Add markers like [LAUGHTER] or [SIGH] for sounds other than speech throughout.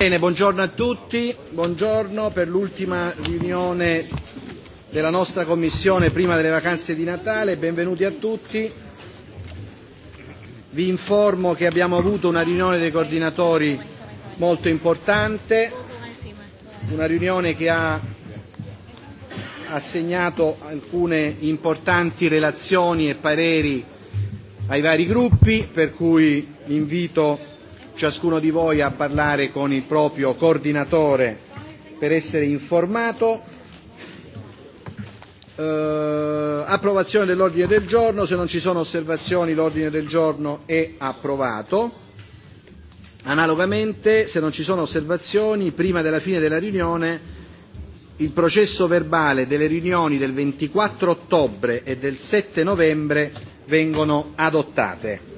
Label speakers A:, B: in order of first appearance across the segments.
A: Bene, buongiorno a tutti, buongiorno per l'ultima riunione della nostra commissione prima delle vacanze di Natale, benvenuti a tutti. Vi informo che abbiamo avuto una riunione dei coordinatori molto importante, una riunione che ha assegnato alcune importanti relazioni e pareri ai vari gruppi, per cui invito ciascuno di voi a parlare con il proprio coordinatore per essere informato. Eh, approvazione dell'ordine del giorno, se non ci sono osservazioni l'ordine del giorno è approvato. Analogamente, se non ci sono osservazioni, prima della fine della riunione il processo verbale delle riunioni del 24 ottobre e del 7 novembre vengono adottate.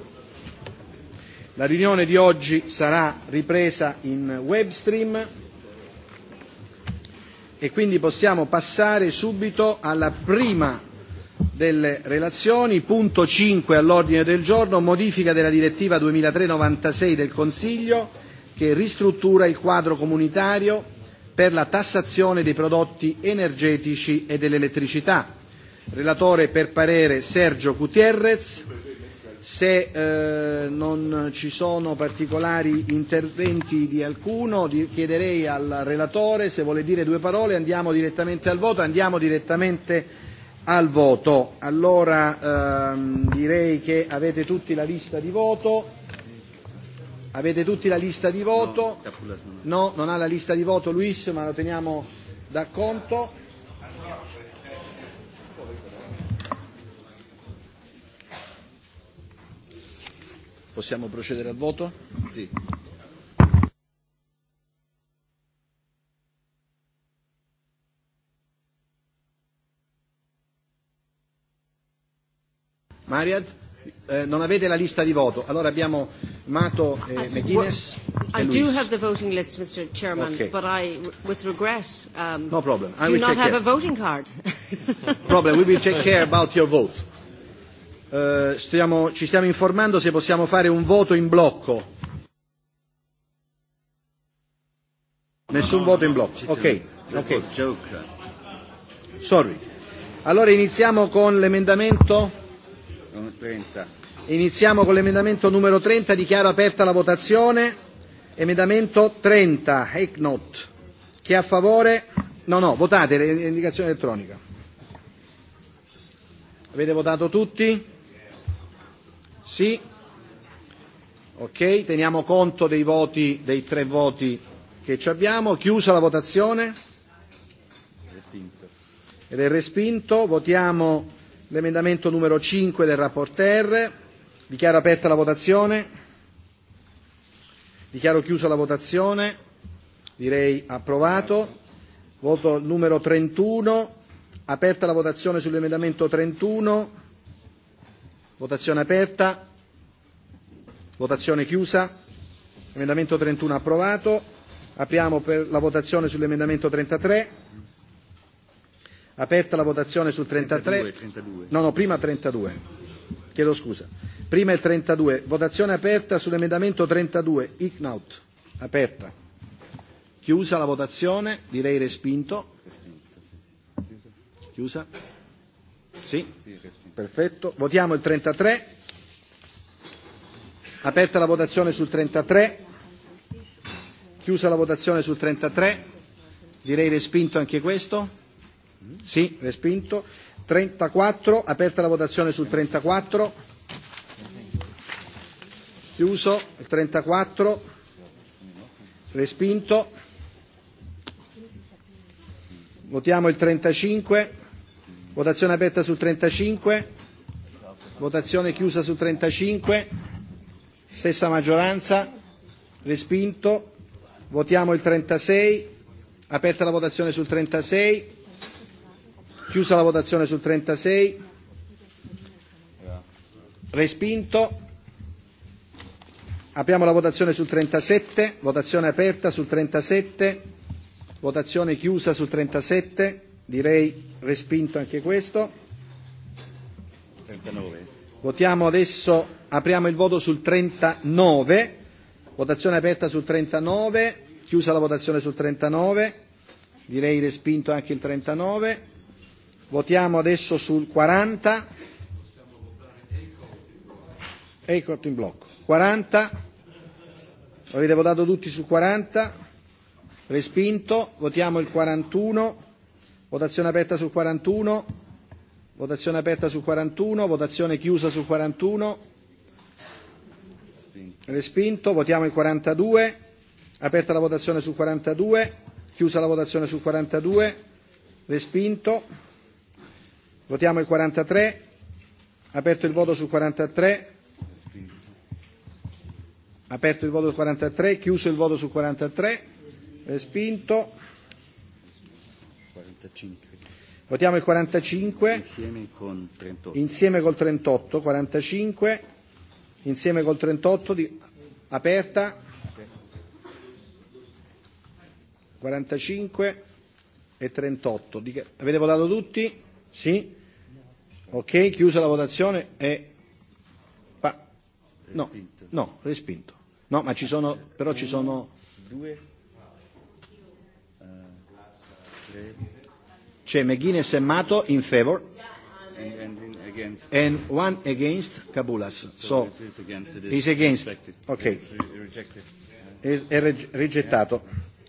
A: La riunione di oggi sarà ripresa in web stream e quindi possiamo passare subito alla prima delle relazioni, punto 5 all'ordine del giorno, modifica della direttiva 2003-96 del Consiglio che ristruttura il quadro comunitario per la tassazione dei prodotti energetici e dell'elettricità. Relatore per parere Sergio Gutierrez se eh, non ci sono particolari interventi di alcuno chiederei al relatore se vuole dire due parole, andiamo direttamente al voto, andiamo direttamente al voto. Allora ehm, direi che avete tutti la lista di voto. Avete tutti la lista di voto? No, non ha la lista di voto Luis, ma lo teniamo da conto. Possiamo procedere al voto? Sì. Mariad, eh, non avete la lista di voto. Allora abbiamo Mato eh, McGuinness I do have
B: the voting list, Mr. Chairman, okay. but I, with regret, um,
A: no problem. I do not have care. a
B: voting card.
A: problem. We will take care about your vote eh, stiamo, ci stiamo informando se possiamo fare un voto in blocco.
C: Nessun no, no, voto in blocco. Ok. Joke. Sorry.
A: Allora iniziamo con l'emendamento
C: 30.
A: Iniziamo con l'emendamento numero 30, dichiaro aperta la votazione. Emendamento 30, not. Chi è a favore? No, no, votate l'indicazione elettronica. Avete votato tutti? Sì. Ok, teniamo conto dei voti, dei tre voti che ci abbiamo. Chiusa la votazione. Ed è respinto. Votiamo l'emendamento numero 5 del rapporteur. Dichiaro aperta la votazione. Dichiaro chiusa la votazione. Direi approvato. Voto numero 31. Aperta la votazione sull'emendamento 31. Votazione aperta. Votazione chiusa. Emendamento 31 approvato. Apriamo per la votazione sull'emendamento 33. Aperta la votazione sul 33. 32, 32. No, no, prima 32. Chiedo scusa. Prima il 32. Votazione aperta sull'emendamento 32. Icknaut. Aperta. Chiusa la votazione, direi respinto. Chiusa? Sì? Perfetto. Votiamo il 33. Aperta la votazione sul 33. Chiusa la votazione sul 33. Direi respinto anche questo. Sì, respinto. 34, aperta la votazione sul 34. Chiuso il 34. Respinto. Votiamo il 35. Votazione aperta sul 35. Votazione chiusa sul 35. Stessa maggioranza. Respinto. Votiamo il 36. Aperta la votazione sul 36. Chiusa la votazione sul 36. Respinto. Apriamo la votazione sul 37. Votazione aperta sul 37. Votazione chiusa sul 37. Direi respinto anche questo.
C: 39.
A: Votiamo adesso, apriamo il voto sul 39. Votazione aperta sul 39. Chiusa la votazione sul 39. Direi respinto anche il 39. Votiamo adesso sul 40. E il cotto in blocco. 40. Avete votato tutti sul 40. Respinto. Votiamo il 41. Votazione aperta sul 41. Votazione aperta sul 41. Votazione chiusa sul 41. Respinto. Votiamo il 42. Aperta la votazione sul 42. Chiusa la votazione sul 42. Respinto. Votiamo il 43. Aperto il voto sul 43. Aperto il voto sul 43. Chiuso il voto sul 43. Respinto. 45. Votiamo il 45 insieme con 38. Insieme col 38, 45 insieme col 38 di aperta 45 e 38. Di, avete votato tutti? Sì? Ok, chiusa la votazione e pa,
C: no, no,
A: respinto. No, ma ci sono però ci sono
C: due uh,
A: Chair McGuinness and Mato in favor.
C: And, and, and, against. and
A: one against Kabulas. So, so it
C: is against. It is he's against. Okay.
A: È, rigettato.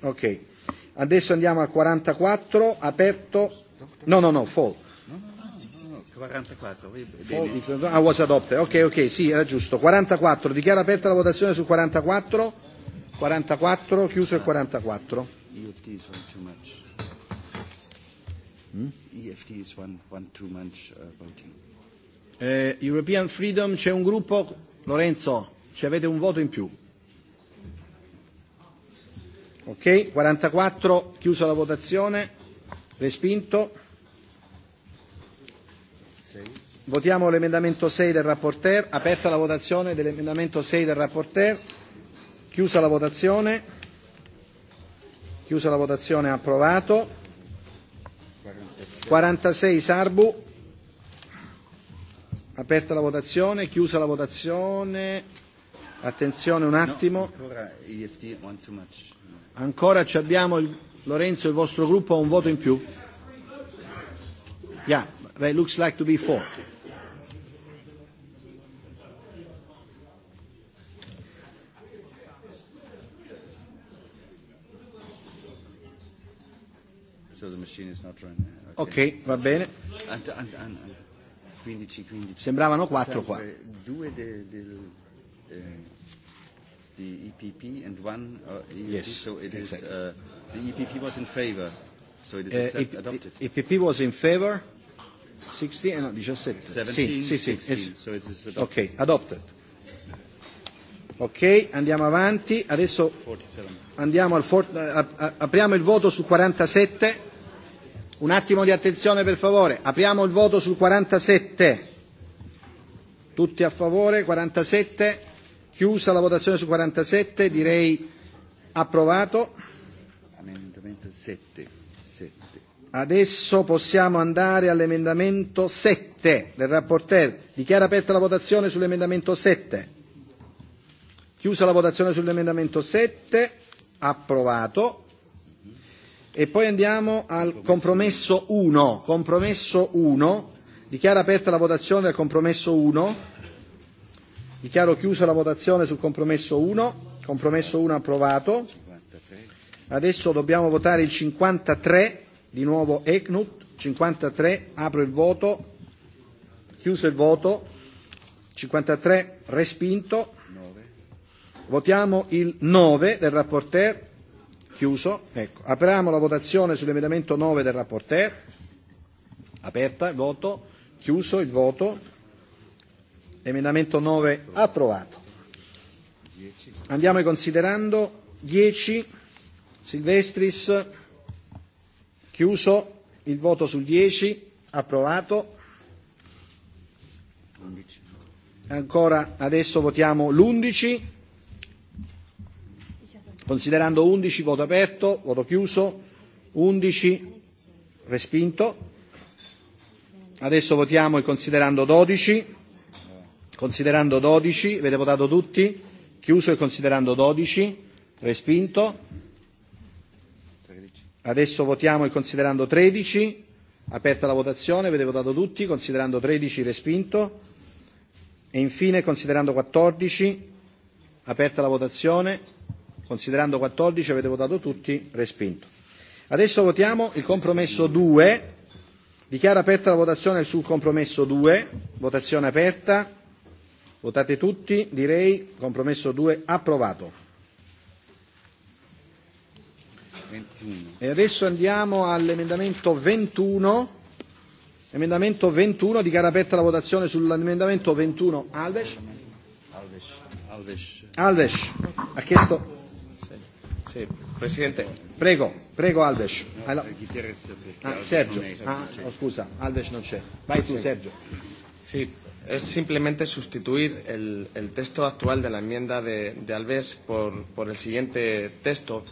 A: Ok. Adesso andiamo al 44, aperto. No, no, no, fall.
C: No, no, no, 44, fall. Ah, was
A: adopted. Ok, ok, sì, era giusto. 44, dichiara aperta la votazione sul 44. 44, chiuso il 44.
C: Hmm? is one, one too much uh, voting.
A: Eh, European Freedom c'è un gruppo, Lorenzo, ci avete un voto in più. Ok, 44, chiusa la votazione, respinto. Votiamo l'emendamento 6 del rapporteur, aperta la votazione dell'emendamento 6 del rapporteur, chiusa la votazione, chiusa la votazione approvato. 46 Sarbu. Aperta la votazione, chiusa la votazione. Attenzione un attimo. Ancora ci abbiamo il, Lorenzo, il vostro gruppo ha un voto in più. Yeah, it looks like to be four.
C: So the machine is not running. Ok, va bene. And, and, and, 15, 15. Sembravano 4 qua. Due de, del, eh, del the EPP and one uh, EUD, yes, so it exactly. is uh, the EPP was in favor, so it is uh, accept, adopted.
A: EPP was in favor, 60 and eh, no, 17. 17, sì, sì, 16, sì.
C: so it is adopted.
A: okay adopted. Ok, andiamo avanti. Adesso 47. andiamo al for- a- a- apriamo il voto su 47. Un attimo di attenzione per favore. Apriamo il voto sul 47. Tutti a favore? 47. Chiusa la votazione su 47, direi approvato.
C: Amendamento 7. 7.
A: Adesso possiamo andare all'emendamento 7 del rapporteur. Dichiara aperta la votazione sull'emendamento 7. Chiusa la votazione sull'emendamento 7. Approvato. E poi andiamo al compromesso 1. Compromesso 1. Dichiara aperta la votazione del compromesso 1. Dichiaro chiusa la votazione sul compromesso 1. Compromesso 1 approvato. Adesso dobbiamo votare il 53, di nuovo ECNUT. 53, apro il voto. Chiuso il voto. 53, respinto. Votiamo il 9 del rapporteur. Chiuso. Ecco. Apriamo la votazione sull'emendamento 9 del rapporteur. Aperta il voto. Chiuso il voto. Emendamento 9 approvato. Andiamo ai considerando 10 Silvestris chiuso il voto sul 10 approvato ancora adesso votiamo l'11 Considerando 11, voto aperto, voto chiuso, 11, respinto. Adesso votiamo il considerando 12, considerando 12, avete votato tutti, chiuso il considerando 12, respinto. Adesso votiamo il considerando 13, aperta la votazione, avete votato tutti, considerando 13, respinto. E infine considerando 14, aperta la votazione, Considerando 14 avete votato tutti, respinto. Adesso votiamo il compromesso 2. Dichiaro aperta la votazione sul compromesso 2. Votazione aperta. Votate tutti, direi compromesso 2 approvato. 21. E adesso andiamo all'emendamento 21. Emendamento 21, dichiara aperta la votazione sull'emendamento 21. Alves?
C: Alves. Alves.
A: Alves. Ha chiesto... Presidente, prego, prego Aldes. Allora,
C: eh, ah, Sergio, ah,
A: oh, scusa, Aldes non c'è. Vai tu Sergio. Sí, es simplemente sustituir el,
D: texto actual de la enmienda de, de Alves por, por el siguiente texto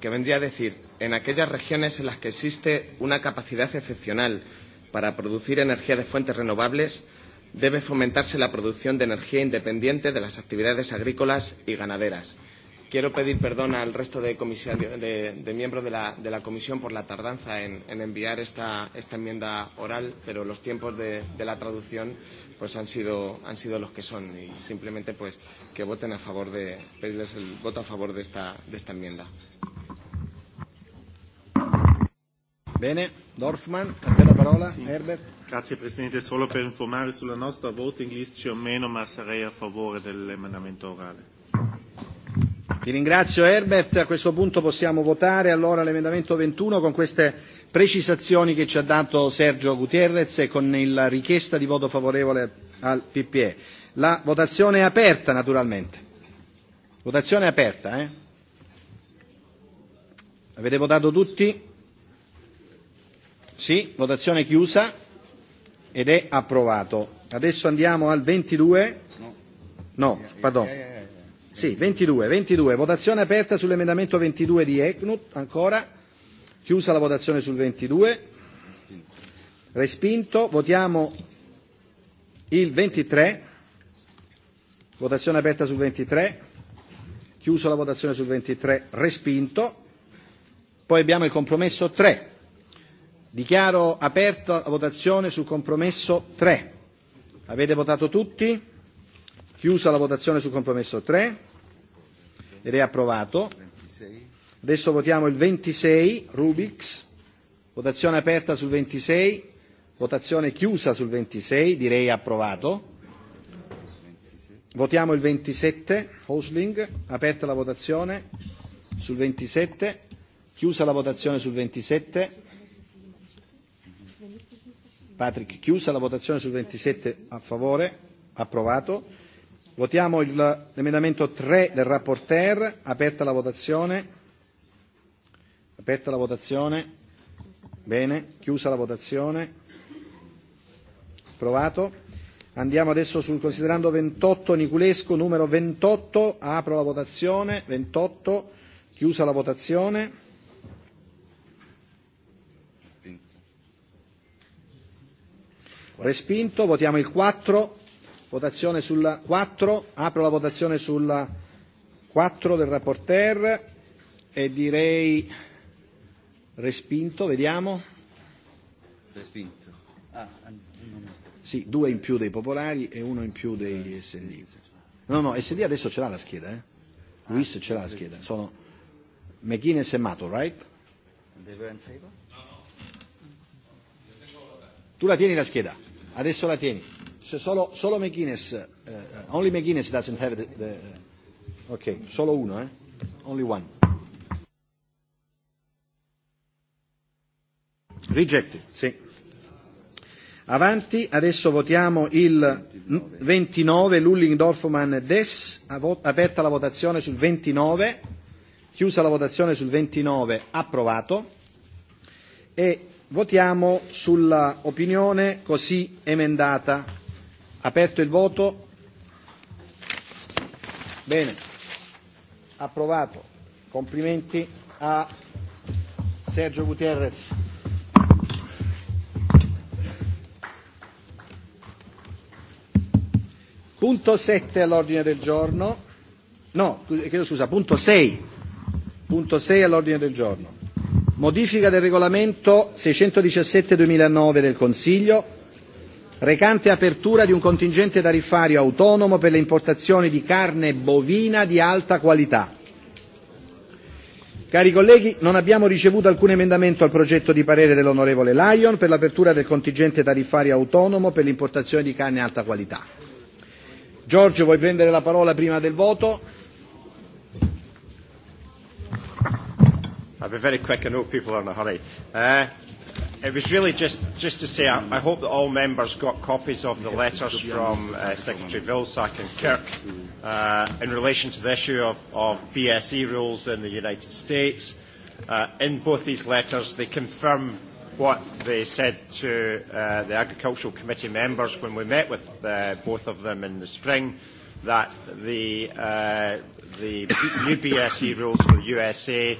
D: que vendría a decir, en aquellas regiones en las que existe una capacidad excepcional para producir energía de fuentes renovables, debe fomentarse la producción de energía independiente de las actividades agrícolas y ganaderas. Quiero pedir perdón al resto de, de, de miembros de la, de la comisión por la tardanza en, en enviar esta, esta enmienda oral, pero los tiempos de, de la traducción pues han sido, han sido los que son y simplemente pues que voten a favor de pedirles el voto a favor de esta, de esta enmienda.
E: Bene, Dorfman, a te la parola, sì. Herbert. Grazie Presidente, solo per informare sulla nostra voting list c'è o meno, ma sarei a favore dell'emendamento orale.
A: Vi ringrazio Herbert, a questo punto possiamo votare allora l'emendamento 21 con queste precisazioni che ci ha dato Sergio Gutierrez e con la richiesta di voto favorevole al PPE. La votazione è aperta naturalmente. Votazione aperta, eh? Avete votato tutti? Sì, votazione chiusa ed è approvato. Adesso andiamo al 22. No, pardon. Sì, 22, 22. Votazione aperta sull'emendamento 22 di Eknut, ancora. Chiusa la votazione sul 22. Respinto. Votiamo il 23. Votazione aperta sul 23. Chiusa la votazione sul 23. Respinto. Poi abbiamo il compromesso 3. Dichiaro aperta la votazione sul compromesso 3. Avete votato tutti? Chiusa la votazione sul compromesso 3 ed è approvato. Adesso votiamo il 26, Rubix. Votazione aperta sul 26, votazione chiusa sul 26, direi approvato. Votiamo il 27, Hosling. Aperta la votazione sul 27, chiusa la votazione sul 27. Patrick, chiusa la votazione sul 27 a favore, approvato. Votiamo l'emendamento 3 del rapporteur. Aperta la votazione. Aperta la votazione. Bene, chiusa la votazione. Approvato. Andiamo adesso sul considerando 28 Niculescu, numero 28. Apro la votazione. 28. Chiusa la votazione. Respinto. Votiamo il 4. Votazione sulla 4. Apro la votazione sulla 4 del rapporteur e direi respinto. Vediamo.
C: Respinto. Ah,
A: sì, due in più dei popolari e uno in più degli eh, SD. No, no, SD adesso ce l'ha la scheda, eh? Luis ce l'ha la ah, scheda. Sono McGuinness e Mato, right? Tu la tieni la scheda, adesso la tieni. So solo, solo McGuinness, uh, uh, only McGuinness doesn't have the, the uh, solo uno, eh? only one. Rejected, sì. Avanti, adesso votiamo il 29, Lulling, Dorfman, Des, aperta la votazione sul 29, chiusa la votazione sul 29, approvato. E votiamo sulla opinione così emendata. Aperto il voto. Bene. Approvato. Complimenti a Sergio Gutierrez. Punto 7 all'ordine del giorno. No, chiedo scusa, punto 6. Punto 6 all'ordine del giorno. Modifica del regolamento 617-2009 del Consiglio recante apertura di un contingente tariffario autonomo per le importazioni di carne bovina di alta qualità. Cari colleghi, non abbiamo ricevuto alcun emendamento al progetto di parere dell'onorevole Lyon per l'apertura del contingente tariffario autonomo per l'importazione di carne alta qualità. Giorgio, vuoi prendere la parola prima del voto?
F: I'll be very quick, I know people are in a hurry. Uh, It was really just, just to say, I, I hope that all members got copies of the letters from uh, Secretary Vilsack and Kirk uh, in relation to the issue of, of BSE rules in the United States. Uh, in both these letters, they confirm what they said to uh, the Agricultural Committee members when we met with uh, both of them in the spring, that the, uh, the [COUGHS] new BSE rules for the USA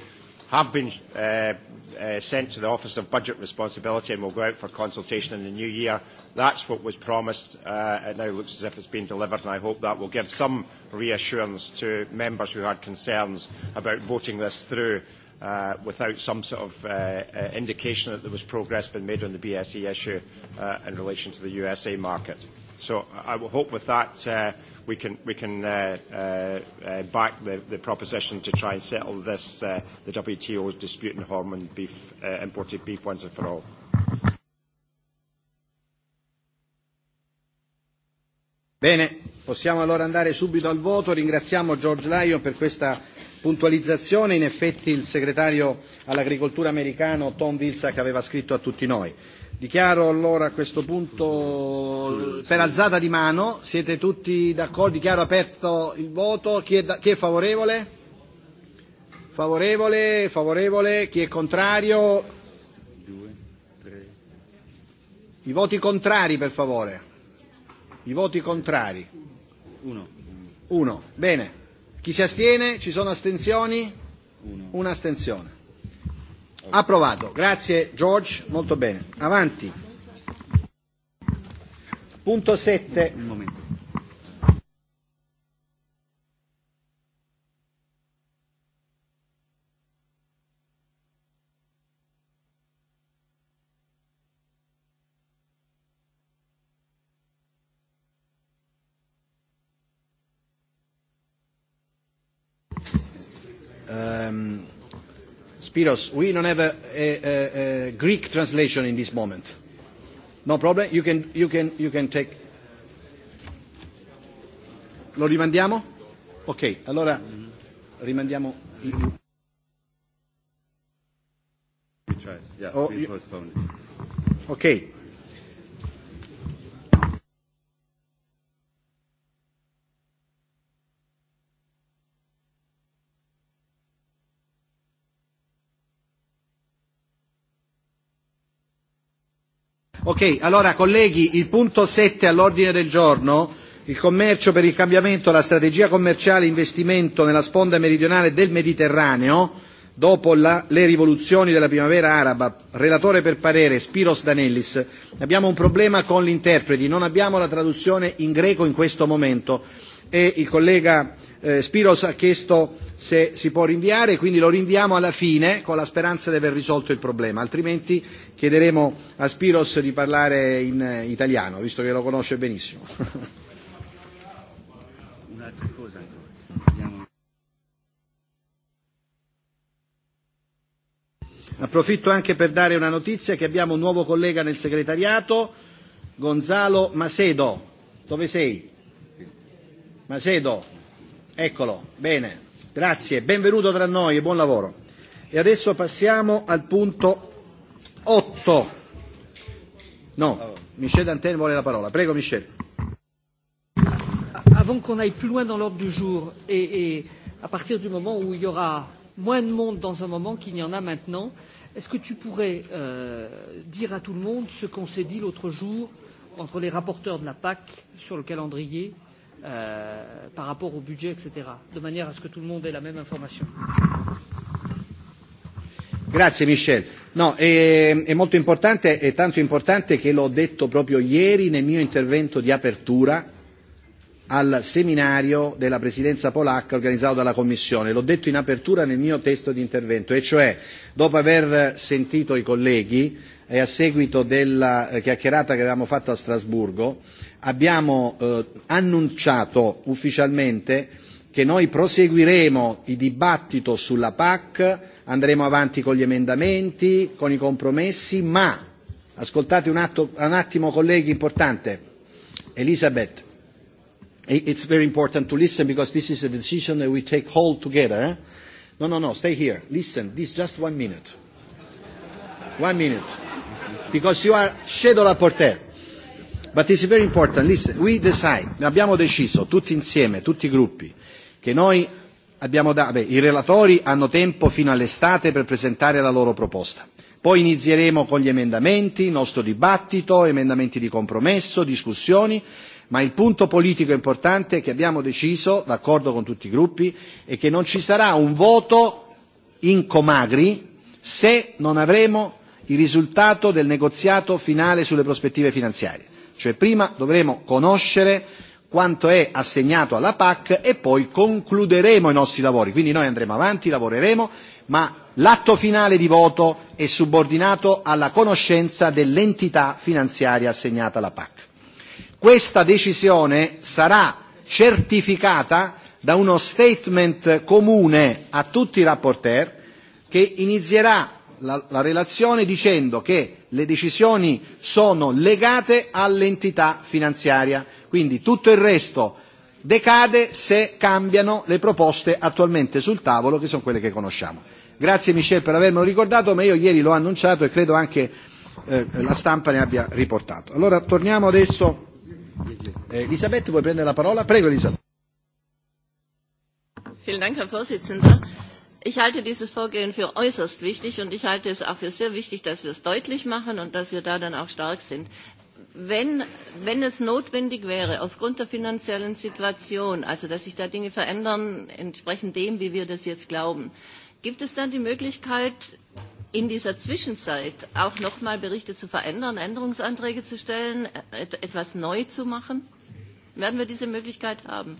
F: have been uh, uh, sent to the Office of Budget Responsibility and will go out for consultation in the new year. That's what was promised. Uh, it now looks as if it's been delivered, and I hope that will give some reassurance to members who had concerns about voting this through uh, without some sort of uh, uh, indication that there was progress being made on the BSE issue uh, in relation to the USA market. So I will hope with that uh, we can, we can uh, uh, uh, back the, the proposition to try and settle this, uh, the WTO's dispute in hormone beef, uh, imported beef once and for all. Bene, possiamo allora andare
A: subito al voto. Ringraziamo George Lyon per questa puntualizzazione. In effetti il segretario all'agricoltura americano Tom Vilsack aveva scritto a tutti noi. Dichiaro allora a questo punto per alzata di mano, siete tutti d'accordo? Dichiaro aperto il voto, chi è, da, chi è favorevole? Favorevole, favorevole, chi è contrario? I voti contrari per favore. I voti contrari. Uno. Uno. Bene. Chi si astiene? Ci sono astensioni? Uno. Una astensione. Approvato. Grazie George, molto bene. Avanti. Punto 7. Un momento. Um, Spiros, we don't have a, a, a, a Greek translation in this moment. No problem, you can, you can, you can take... Lo rimandiamo? Ok, allora rimandiamo... In...
C: Oh, you... Ok.
A: Ok, allora colleghi, il punto 7 all'ordine del giorno, il commercio per il cambiamento, la strategia commerciale e investimento nella sponda meridionale del Mediterraneo, dopo la, le rivoluzioni della primavera araba, relatore per parere Spiros Danellis. Abbiamo un problema con gli interpreti, non abbiamo la traduzione in greco in questo momento e il collega eh, Spiros ha chiesto se si può rinviare, quindi lo rinviamo alla fine con la speranza di aver risolto il problema, altrimenti chiederemo a Spiros di parlare in eh, italiano, visto che lo conosce benissimo. [LAUGHS] Approfitto anche per dare una notizia che abbiamo un nuovo collega nel segretariato, Gonzalo Macedo. Dove sei? Macedo, eccolo, bene, grazie, benvenuto tra noi, buon lavoro. E adesso passiamo al punto 8. No, Michel Dantel vuole la parola, prego Michel.
G: Avant qu'on aille plus loin dans l'ordre du jour et, et à partir du moment où il y aura moins de monde dans un moment qu'il n'y en a maintenant, est-ce que tu pourrais euh, dire à tout le monde ce qu'on s'est dit l'autre jour entre les rapporteurs de la PAC sur le calendrier Euh, par rapport au budget, etc., de manière à ce que tout le monde ait la même information.
A: Grazie Michel. No, è, è molto importante, è tanto importante che l'ho detto proprio ieri nel mio intervento di apertura al seminario della presidenza polacca organizzato dalla Commissione. L'ho detto in apertura nel mio testo di intervento, e cioè dopo aver sentito i colleghi e a seguito della eh, chiacchierata che avevamo fatto a Strasburgo, abbiamo eh, annunciato ufficialmente che noi proseguiremo il dibattito sulla PAC, andremo avanti con gli emendamenti, con i compromessi, ma ascoltate un, atto, un attimo colleghi importante. Elisabeth, it's very important to listen because this is a decision that we take all together. Eh? No, no, no, stay here. Listen, this is just one minute. One minute because you are shadow rapporteur. But it's very important. Listen, we decide, abbiamo deciso tutti insieme, tutti i gruppi, che noi abbiamo da, beh, i relatori hanno tempo fino all'estate per presentare la loro proposta. Poi inizieremo con gli emendamenti, il nostro dibattito, emendamenti di compromesso, discussioni, ma il punto politico importante che abbiamo deciso, d'accordo con tutti i gruppi, è che non ci sarà un voto in Comagri se non avremo il risultato del negoziato finale sulle prospettive finanziarie, cioè prima dovremo conoscere quanto è assegnato alla PAC e poi concluderemo i nostri lavori. Quindi noi andremo avanti, lavoreremo, ma l'atto finale di voto è subordinato alla conoscenza dell'entità finanziaria assegnata alla PAC. Questa decisione sarà certificata da uno statement comune a tutti i rapporteur che inizierà la, la relazione dicendo che le decisioni sono legate all'entità finanziaria, quindi tutto il resto decade se cambiano le proposte attualmente sul tavolo, che sono quelle che conosciamo. Grazie Michel per avermelo ricordato, ma io ieri l'ho annunciato e credo anche eh, la stampa ne abbia riportato. Allora torniamo adesso. Eh, Elisabeth, vuoi prendere la parola? Prego Elisabeth.
H: Vielen Dank, Herr Vorsitzender. Ich halte dieses Vorgehen für äußerst wichtig und ich halte es auch für sehr wichtig, dass wir es deutlich machen und dass wir da dann auch stark sind. Wenn, wenn es notwendig wäre, aufgrund der finanziellen Situation, also dass sich da Dinge verändern, entsprechend dem, wie wir das jetzt glauben, gibt es dann die Möglichkeit, in dieser Zwischenzeit auch nochmal Berichte zu verändern, Änderungsanträge zu stellen, etwas neu zu machen? Werden wir diese Möglichkeit haben?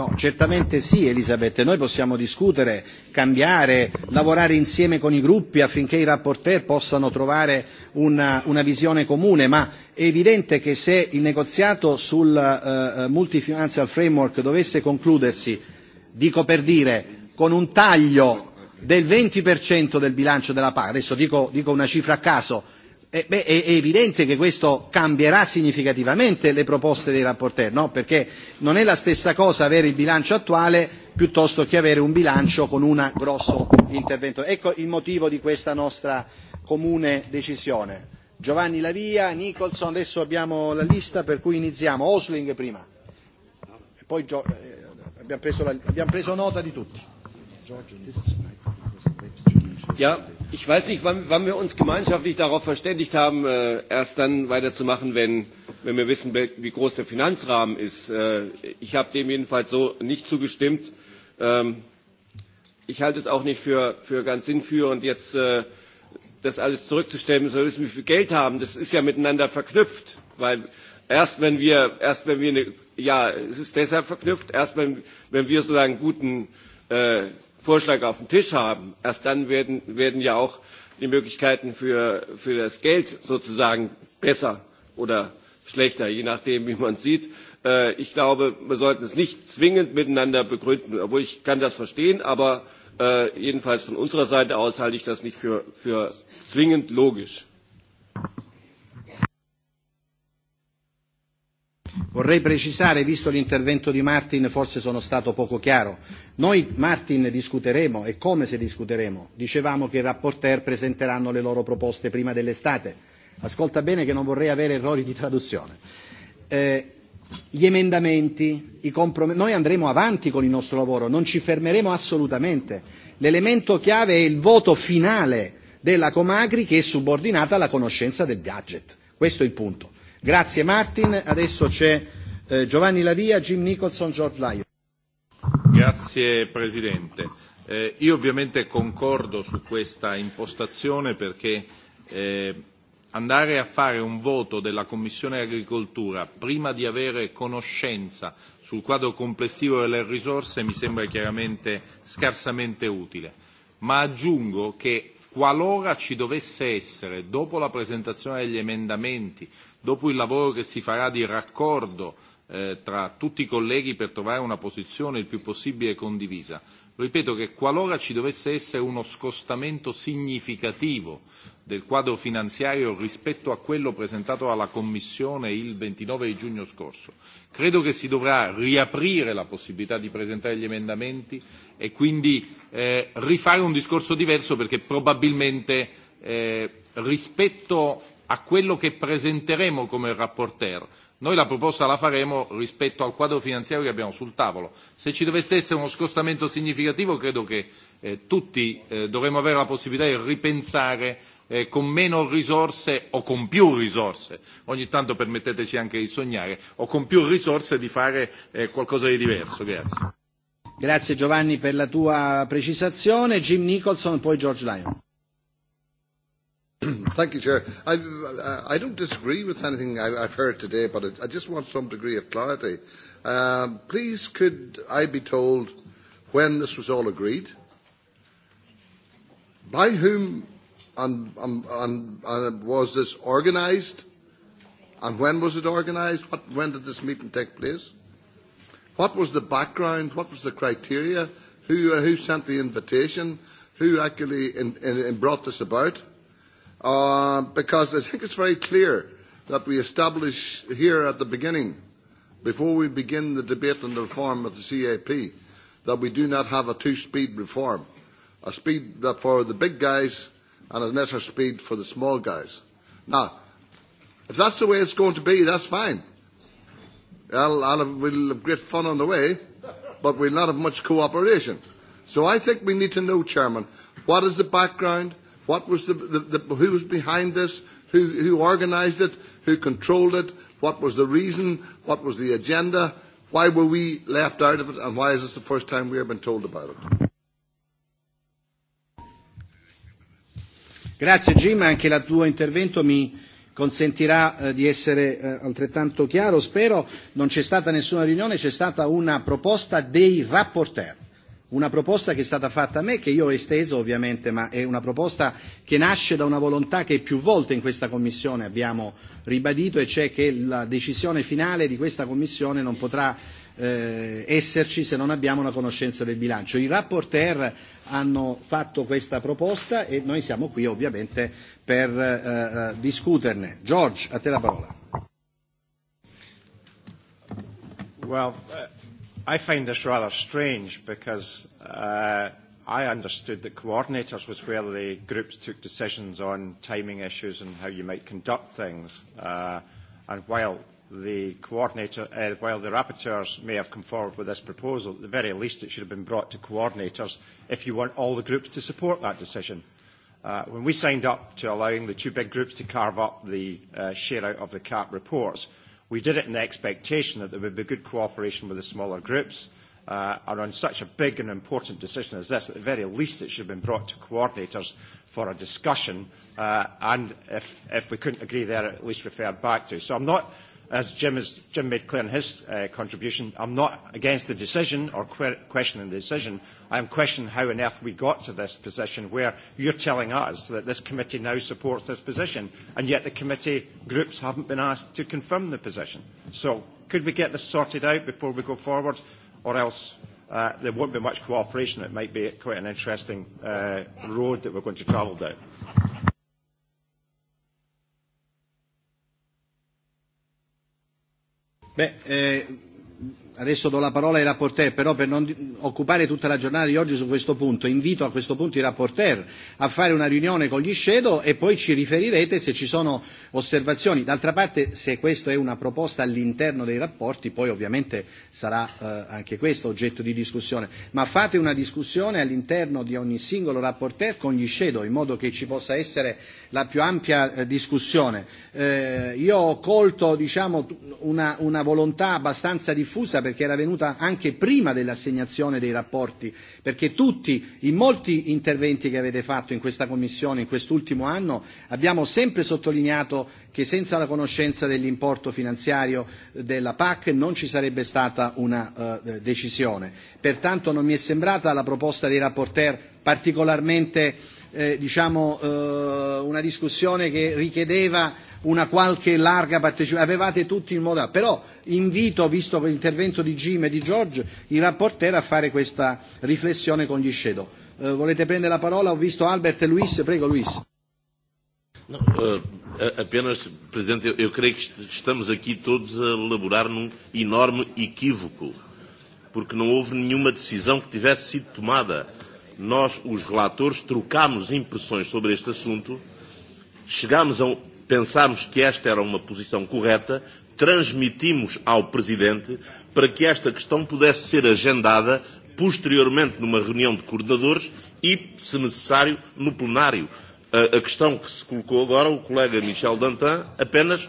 A: No, certamente sì Elisabeth, noi possiamo discutere, cambiare, lavorare insieme con i gruppi affinché i rapporteur possano trovare una, una visione comune, ma è evidente che se il negoziato sul uh, multifinancial framework dovesse concludersi, dico per dire, con un taglio del 20% del bilancio della PAC, adesso dico, dico una cifra a caso, Eh, beh, è, è evidente che questo cambierà significativamente le proposte dei rapporteur, no? perché non è la stessa cosa avere il bilancio attuale piuttosto che avere un bilancio con un grosso intervento. Ecco il motivo di questa nostra comune decisione. Giovanni Lavia, Nicholson, adesso abbiamo la lista per cui iniziamo. Osling prima, e poi Gio- eh, abbiamo, preso la, abbiamo preso nota di tutti.
I: Ja, Ich weiß nicht, wann, wann wir uns gemeinschaftlich darauf verständigt haben, äh, erst dann weiterzumachen, wenn, wenn wir wissen, wie groß der Finanzrahmen ist. Äh, ich habe dem jedenfalls so nicht zugestimmt. Ähm, ich halte es auch nicht für, für ganz sinnführend, jetzt äh, das alles zurückzustellen müssen. Wir müssen, wie viel Geld haben. Das ist ja miteinander verknüpft, weil erst wenn wir, erst wenn wir eine, ja, es ist deshalb verknüpft, erst wenn, wenn wir sozusagen guten äh, Vorschlag auf dem Tisch haben, erst dann werden, werden ja auch die Möglichkeiten für, für das Geld sozusagen besser oder schlechter, je nachdem, wie man sieht. Äh, ich glaube, wir sollten es nicht zwingend miteinander begründen, obwohl ich kann das verstehen, aber äh, jedenfalls von unserer Seite aus halte ich das nicht für, für zwingend logisch.
A: Vorrei precisare, visto l'intervento di Martin, forse sono stato poco chiaro. Noi, Martin, discuteremo e come se discuteremo. Dicevamo che i rapporteur presenteranno le loro proposte prima dell'estate. Ascolta bene che non vorrei avere errori di traduzione. Eh, gli emendamenti, i compromessi. Noi andremo avanti con il nostro lavoro, non ci fermeremo assolutamente. L'elemento chiave è il voto finale della Comagri che è subordinata alla conoscenza del budget. Questo è il punto. Grazie Martin, adesso c'è eh, Giovanni Lavia, Jim Nicholson, George Lyon.
J: Grazie Presidente. Eh, io ovviamente concordo su questa impostazione perché eh, andare a fare un voto della Commissione Agricoltura prima di avere conoscenza sul quadro complessivo delle risorse mi sembra chiaramente scarsamente utile. Ma aggiungo che Qualora ci dovesse essere, dopo la presentazione degli emendamenti, dopo il lavoro che si farà di raccordo eh, tra tutti i colleghi per trovare una posizione il più possibile condivisa, Lo ripeto che qualora ci dovesse essere uno scostamento significativo del quadro finanziario rispetto a quello presentato dalla Commissione il 29 giugno scorso, credo che si dovrà riaprire la possibilità di presentare gli emendamenti e quindi eh, rifare un discorso diverso perché probabilmente eh, rispetto a quello che presenteremo come rapporteur noi la proposta la faremo rispetto al quadro finanziario che abbiamo sul tavolo. Se ci dovesse essere uno scostamento significativo credo che eh, tutti eh, dovremmo avere la possibilità di ripensare eh, con meno risorse o con più risorse, ogni tanto permetteteci anche di sognare, o con più risorse di fare eh, qualcosa di diverso. Grazie.
A: Grazie Giovanni per la tua precisazione. Jim Nicholson, poi George Lyon.
K: [CLEARS THROAT] Thank you, Chair. I, don't disagree with anything I, I've heard today, but I just want some degree of clarity. Um, please, could I be told when this was all agreed, by whom and, and, and, and was this organised, and when was it organised? What, when did this meeting take place? What was the background? What was the criteria? Who, uh, who sent the invitation? Who actually in, in, in brought this about? Uh, because I think it's very clear that we establish here at the beginning, before we begin the debate on the reform of the CAP, that we do not have a two-speed reform, a speed that for the big guys and a lesser speed for the small guys. Now, if that's the way it's going to be, that's fine. I'll, I'll have, we'll have great fun on the way, but we'll not have much cooperation. So I think we need to know, Chairman, what is the background? What was the, the, the, who was behind this? Who, who organised it? Who controlled it? What was the reason? What was the agenda? Why were we left out of it? And why is this the first time we have been told about it?
A: Grazie Jim, anche il tuo intervento mi consentirà eh, di essere eh, altrettanto chiaro, spero. Non c'è stata nessuna riunione, c'è stata una proposta dei rapporteur una proposta che è stata fatta a me, che io ho esteso ovviamente, ma è una proposta che nasce da una volontà che più volte in questa Commissione abbiamo ribadito e cioè che la decisione finale di questa Commissione non potrà eh, esserci se non abbiamo una conoscenza del bilancio. I rapporteur hanno fatto questa proposta e noi siamo qui ovviamente per eh, eh discuterne. George, a te la parola.
F: Well, uh... I find this rather strange because uh, I understood that coordinators was where the groups took decisions on timing issues and how you might conduct things. Uh, and while the coordinator, uh, while the rapporteurs may have come forward with this proposal, at the very least it should have been brought to coordinators if you want all the groups to support that decision. Uh, when we signed up to allowing the two big groups to carve up the uh, share out of the CAP reports, We did it in the expectation that there would be good cooperation with the smaller groups. Uh, and on such a big and important decision as this, at the very least it should have been brought to coordinators for a discussion, uh, and if, if we couldn't agree there, at least referred back to. So I'm not as Jim, has, Jim made clear in his uh, contribution, I'm not against the decision or que questioning the decision. I am questioning how on earth we got to this position where you're telling us that this committee now supports this position, and yet the committee groups haven't been asked to confirm the position. So could we get this sorted out before we go forward, or else uh, there won't be much cooperation. It might be quite an interesting uh, road that we're going to travel down. Beh,
A: eh, adesso do la parola ai rapporteur, però per non occupare tutta la giornata di oggi su questo punto, invito a questo punto i rapporteur a fare una riunione con gli shadow e poi ci riferirete se ci sono osservazioni. D'altra parte, se questa è una proposta all'interno dei rapporti, poi ovviamente sarà eh, anche questo oggetto di discussione, ma fate una discussione all'interno di ogni singolo rapporteur con gli shadow, in modo che ci possa essere la più ampia eh, discussione. Eh, io ho colto diciamo, una, una volontà abbastanza diffusa per perché era venuta anche prima dell'assegnazione dei rapporti, perché tutti, in molti interventi che avete fatto in questa Commissione in quest'ultimo anno, abbiamo sempre sottolineato che senza la conoscenza dell'importo finanziario della PAC non ci sarebbe stata una uh, decisione. Pertanto non mi è sembrata la proposta dei rapporteur particolarmente uh, eh, diciamo, eh, una discussione che richiedeva una qualche larga partecipazione, avevate tutti il modo, però invito, visto l'intervento di Jim e di George, i rapporter a fare questa riflessione con gli shadow. Eh, volete prendere la parola? Ho visto Albert e Luis, prego Luis.
L: No, uh, eh, apenas, Presidente, eu, eu creio que estamos aqui todos a elaborar num enorme equívoco, porque não houve nenhuma decisão que tivesse sido tomada nós, os relatores, trocámos impressões sobre este assunto, chegámos a, um, pensámos que esta era uma posição correta, transmitimos ao Presidente para que esta questão pudesse ser agendada posteriormente numa reunião de coordenadores e, se necessário, no plenário. A, a questão que se colocou agora, o colega Michel Dantin apenas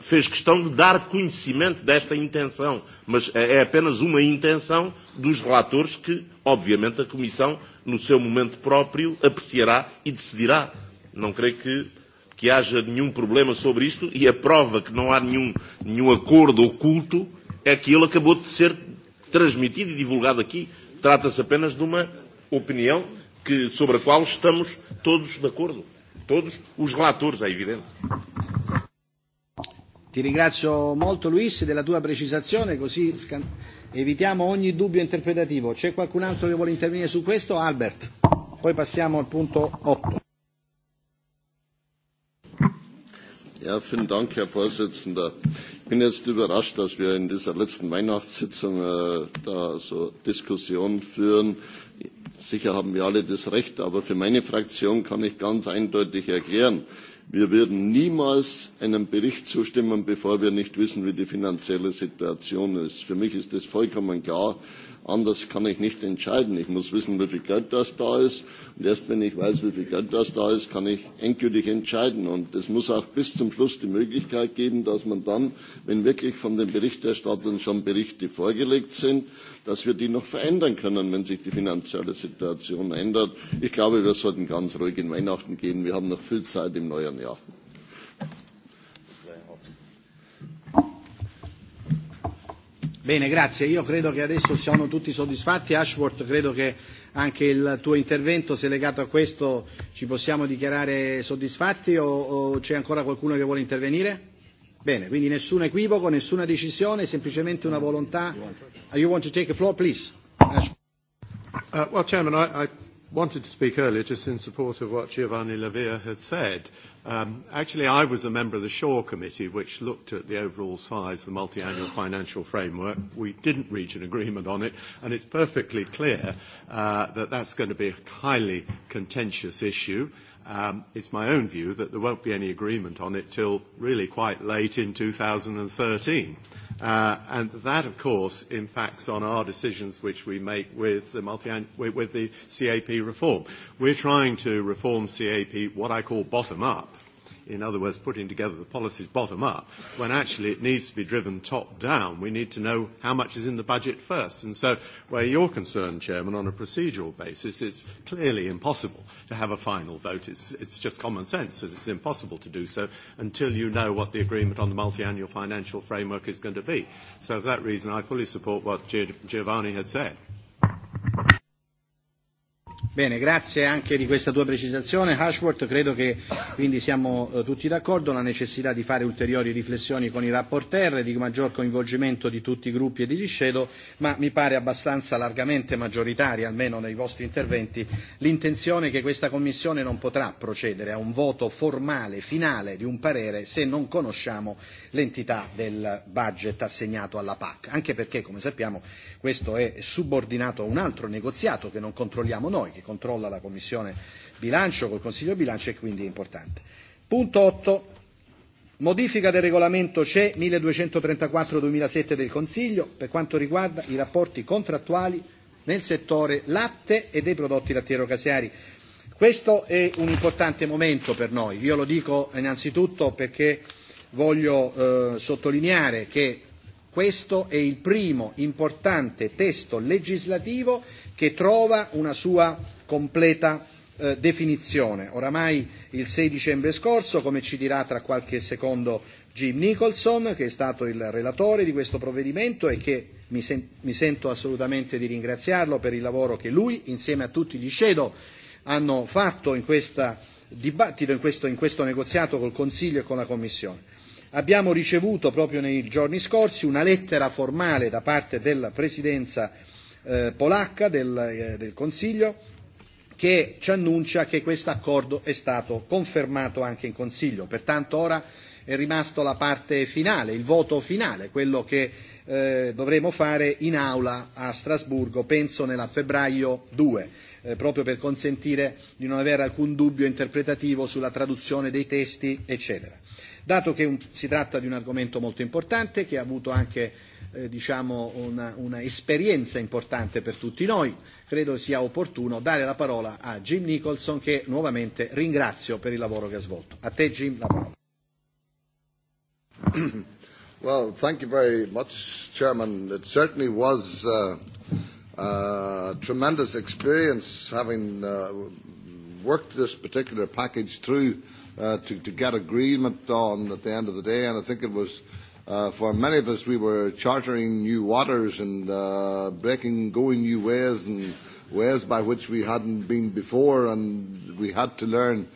L: fez questão de dar conhecimento desta intenção, mas é apenas uma intenção dos relatores que, obviamente, a Comissão no seu momento próprio, apreciará e decidirá. Não creio que, que haja nenhum problema sobre isto e a prova que não há nenhum, nenhum acordo oculto é que ele acabou de ser transmitido e divulgado aqui. Trata-se apenas de uma opinião que, sobre a qual estamos todos de acordo. Todos os relatores,
A: é evidente. Ti ringrazio molto Luis della tua precisazione, così evitiamo ogni dubbio interpretativo. C'è qualcun altro che vuole intervenire su questo? Albert, poi passiamo al punto 8.
M: Ja, vielen Dank, Herr Vorsitzender. Ich bin jetzt überrascht, dass wir in dieser letzten Weihnachtssitzung äh, da so Diskussionen führen. Sicher haben wir alle das Recht, aber für meine Fraktion kann ich ganz eindeutig erklären, Wir werden niemals einem Bericht zustimmen, bevor wir nicht wissen, wie die finanzielle Situation ist. Für mich ist das vollkommen klar. Anders kann ich nicht entscheiden. Ich muss wissen, wie viel Geld das da ist. Und erst wenn ich weiß, wie viel Geld das da ist, kann ich endgültig entscheiden. Und es muss auch bis zum Schluss die Möglichkeit geben, dass man dann, wenn wirklich von den Berichterstattern schon Berichte vorgelegt sind, dass wir die noch verändern können, wenn sich die finanzielle Situation ändert. Ich glaube, wir sollten ganz ruhig in Weihnachten gehen. Wir haben noch viel Zeit im neuen Jahr.
A: Bene, grazie. Io credo che adesso siano tutti soddisfatti. Ashworth, credo che anche il tuo intervento, se legato a questo, ci possiamo dichiarare soddisfatti o, o c'è ancora qualcuno che vuole intervenire? Bene, quindi nessun equivoco, nessuna decisione, semplicemente una volontà. You want to take the floor, please? Uh, well, Chairman,
N: I, I wanted to speak earlier just in support of what Giovanni Lavia had said. Um, actually, I was a member of the Shore Committee, which looked at the overall size of the multi-annual financial framework. We didn't reach an agreement on it, and it's perfectly clear uh, that that's going to be a highly contentious issue. Um, it's my own view that there won't be any agreement on it till really quite late in 2013. Uh, and that, of course, impacts on our decisions which we make with the CAP reform. We're trying to reform CAP, what I call bottom up, in other words, putting together the policies bottom up, when actually it needs to be driven top down. We need to know how much is in the budget first. And so, where you're concerned, Chairman, on a procedural basis, it's clearly impossible to have a final vote. It's, it's just common sense that it's impossible to do so until you know what the agreement on the multi-annual financial framework is going to be. So, for that reason, I fully support what Giovanni had said.
A: Bene, grazie anche di questa tua precisazione Ashworth, credo che quindi siamo eh, tutti d'accordo la necessità di fare ulteriori riflessioni con i rapporter, di maggior coinvolgimento di tutti i gruppi e di discedo, ma mi pare abbastanza largamente maggioritaria, almeno nei vostri interventi, l'intenzione che questa Commissione non potrà procedere a un voto formale, finale di un parere se non conosciamo l'entità del budget assegnato alla PAC, anche perché come sappiamo questo è subordinato a un altro negoziato che non controlliamo noi noi, che controlla la Commissione bilancio col Consiglio bilancio e quindi è importante. Punto 8. Modifica del regolamento CE 1234-2007 del Consiglio per quanto riguarda i rapporti contrattuali nel settore latte e dei prodotti lattiero-caseari. Questo è un importante momento per noi. Io lo dico innanzitutto perché voglio eh, sottolineare che Questo è il primo importante testo legislativo che trova una sua completa eh, definizione. Oramai il 6 dicembre scorso, come ci dirà tra qualche secondo Jim Nicholson, che è stato il relatore di questo provvedimento e che mi, sen- mi sento assolutamente di ringraziarlo per il lavoro che lui, insieme a tutti gli Shadow, hanno fatto in questo dibattito, in questo, in questo negoziato col Consiglio e con la Commissione. Abbiamo ricevuto proprio nei giorni scorsi una lettera formale da parte della Presidenza eh, polacca del, eh, del Consiglio che ci annuncia che questo accordo è stato confermato anche in Consiglio. Pertanto ora è rimasto la parte finale, il voto finale, quello che eh, dovremo fare in aula a Strasburgo, penso nella febbraio 2, eh, proprio per consentire di non avere alcun dubbio interpretativo sulla traduzione dei testi, eccetera. Dato che un, si tratta di un argomento molto importante, che ha avuto anche eh, diciamo una, una esperienza importante per tutti noi, credo sia opportuno dare la parola a Jim Nicholson, che nuovamente ringrazio per il lavoro che ha svolto. A te Jim la parola.
K: [CLEARS THROAT] Well, thank you very much, Chairman. It certainly was a uh, uh, tremendous experience having uh, worked this particular package through uh, uh, to, to get agreement on at the end of the day. And I think it was uh, for many of us, we were chartering new waters and uh, breaking, going new ways and ways by which we hadn't been before, and we had to learn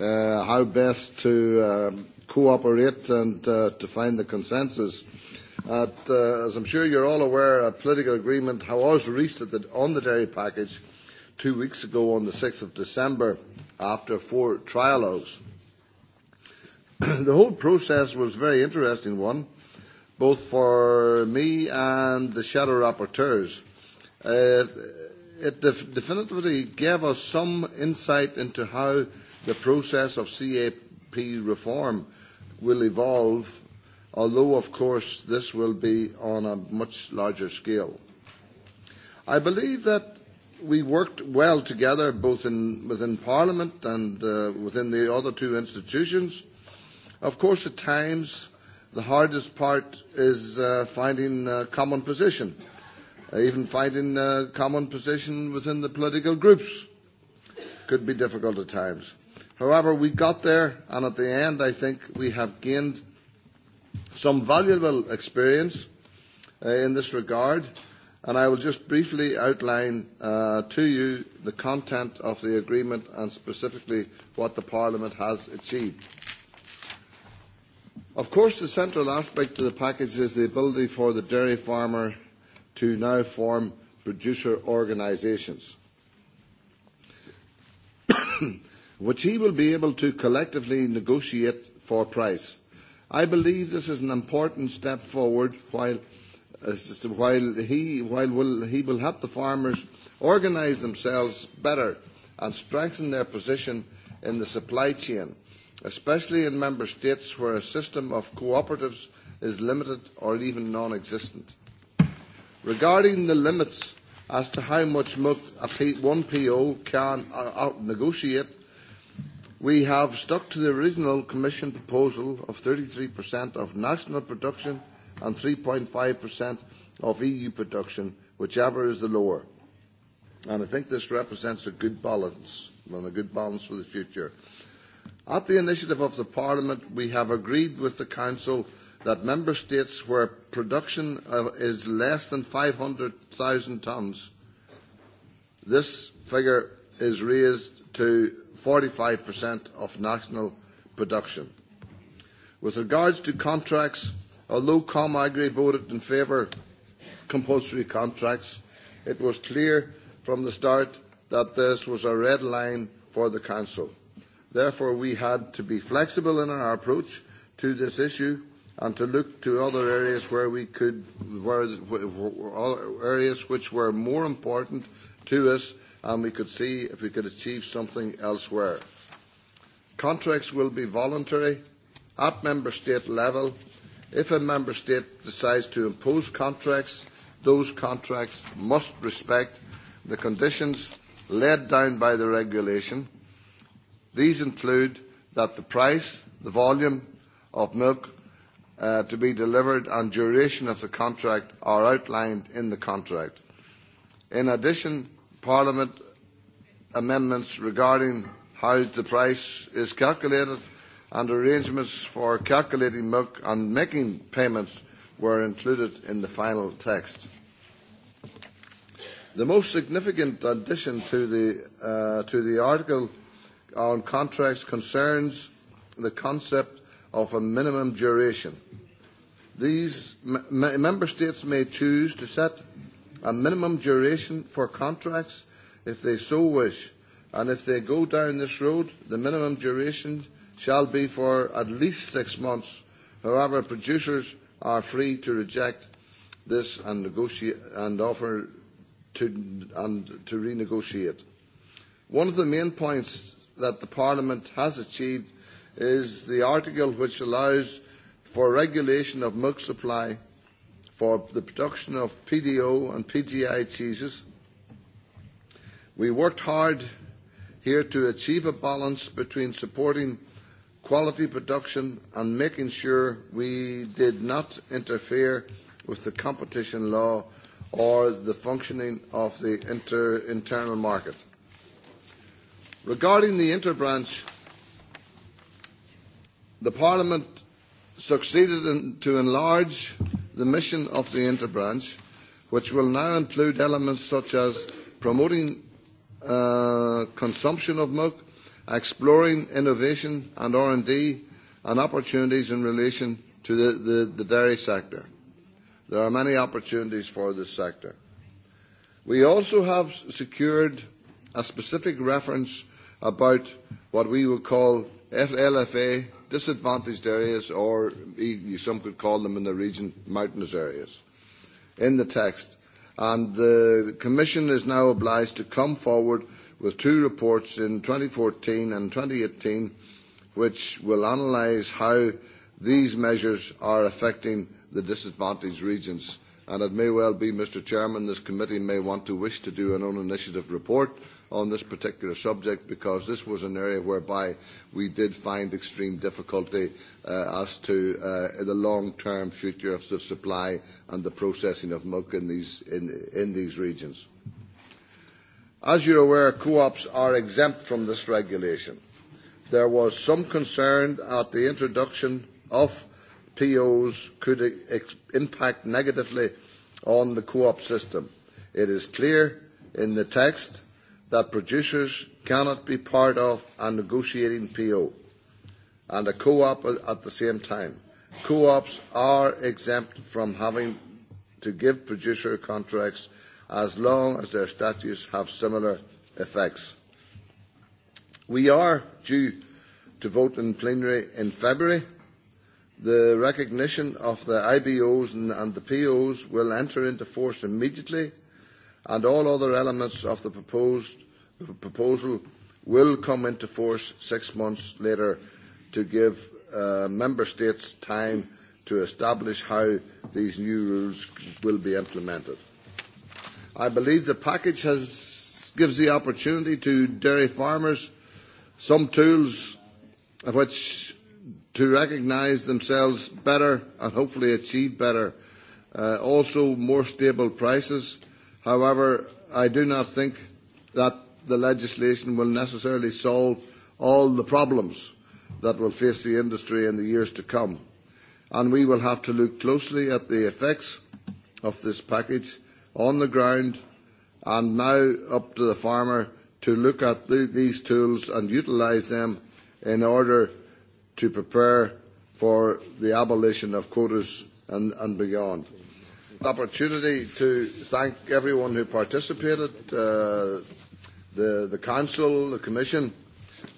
K: uh, how best to um, cooperate and uh, to find the consensus. At, uh, as I'm sure you're all aware, a political agreement was reached at the, on the dairy package two weeks ago on the 6th of December after four trialogues. [CLEARS THROAT] the whole process was a very interesting one, both for me and the shadow rapporteurs. Uh, it def- definitively gave us some insight into how the process of CAP reform will evolve, although, of course, this will be on a much larger scale. I believe that we worked well together, both in, within Parliament and uh, within the other two institutions Of course, at times, the hardest part is uh, finding a uh, common position, uh, even finding a uh, common position within the political groups could be difficult at times. However, we got there, and at the end, I think we have gained some valuable experience uh, in this regard, and I will just briefly outline uh, to you the content of the agreement and specifically what the Parliament has achieved. Of course, the central aspect of the package is the ability for the dairy farmer to now form producer organisations, [COUGHS] which he will be able to collectively negotiate for price. I believe this is an important step forward while, uh, while, he, while will, he will help the farmers organise themselves better and strengthen their position in the supply chain especially in member states where a system of cooperatives is limited or even non-existent. Regarding the limits as to how much milk one PO can out-negotiate, we have stuck to the original Commission proposal of 33% of national production and 3.5% of EU production, whichever is the lower. And I think this represents a good balance and a good balance for the future. At the initiative of the Parliament, we have agreed with the Council that member states where production uh, is less than 500,000 tonnes, this figure is raised to 45% of national production. With regards to contracts, although ComAgri voted in favour of compulsory contracts, it was clear from the start that this was a red line for the Council. Therefore, we had to be flexible in our approach to this issue and to look to other areas where we could, where, areas which were more important to us, and we could see if we could achieve something elsewhere. Contracts will be voluntary at member state level. If a member state decides to impose contracts, those contracts must respect the conditions laid down by the regulation These include that the price, the volume of milk uh, to be delivered and duration of the contract are outlined in the contract. In addition, Parliament amendments regarding how the price is calculated and arrangements for calculating milk and making payments were included in the final text. The most significant addition to the, uh, to the article on contracts concerns the concept of a minimum duration. These member states may choose to set a minimum duration for contracts if they so wish, and if they go down this road, the minimum duration shall be for at least six months. However, producers are free to reject this and, negotiate, and offer to, and to renegotiate. One of the main points that the Parliament has achieved is the article which allows for regulation of milk supply for the production of PDO and PGI cheeses. We worked hard here to achieve a balance between supporting quality production and making sure we did not interfere with the competition law or the functioning of the inter internal market. Regarding the interbranch, the Parliament succeeded in, to enlarge the mission of the interbranch, which will now include elements such as promoting uh, consumption of milk, exploring innovation and R&D and opportunities in relation to the, the, the dairy sector. There are many opportunities for this sector. We also have secured a specific reference about what we would call LFA disadvantaged areas, or some could call them in the region mountainous areas, in the text. And the Commission is now obliged to come forward with two reports in 2014 and 2018, which will analyse how these measures are affecting the disadvantaged regions. And it may well be, Mr Chairman, this committee may want to wish to do an own initiative report on this particular subject because this was an area whereby we did find extreme difficulty uh, as to uh, the long-term future of the supply and the processing of milk in these, in, in these regions. As you are aware, co-ops are exempt from this regulation. There was some concern at the introduction of POs could impact negatively on the co-op system. It is clear in the text that producers cannot be part of a negotiating PO and a co-op at the same time. Co-ops are exempt from having to give producer contracts as long as their statutes have similar effects. We are due to vote in plenary in February. The recognition of the IBOs and the POs will enter into force immediately and all other elements of the proposed, proposal will come into force six months later to give uh, Member States time to establish how these new rules will be implemented. I believe the package has, gives the opportunity to dairy farmers some tools of which to recognise themselves better and hopefully achieve better. Uh, also more stable prices However, I do not think that the legislation will necessarily solve all the problems that will face the industry in the years to come. And we will have to look closely at the effects of this package on the ground and now up to the farmer to look at the, these tools and utilise them in order to prepare for the abolition of quotas and, and beyond opportunity to thank everyone who participated, uh, the, the Council, the Commission.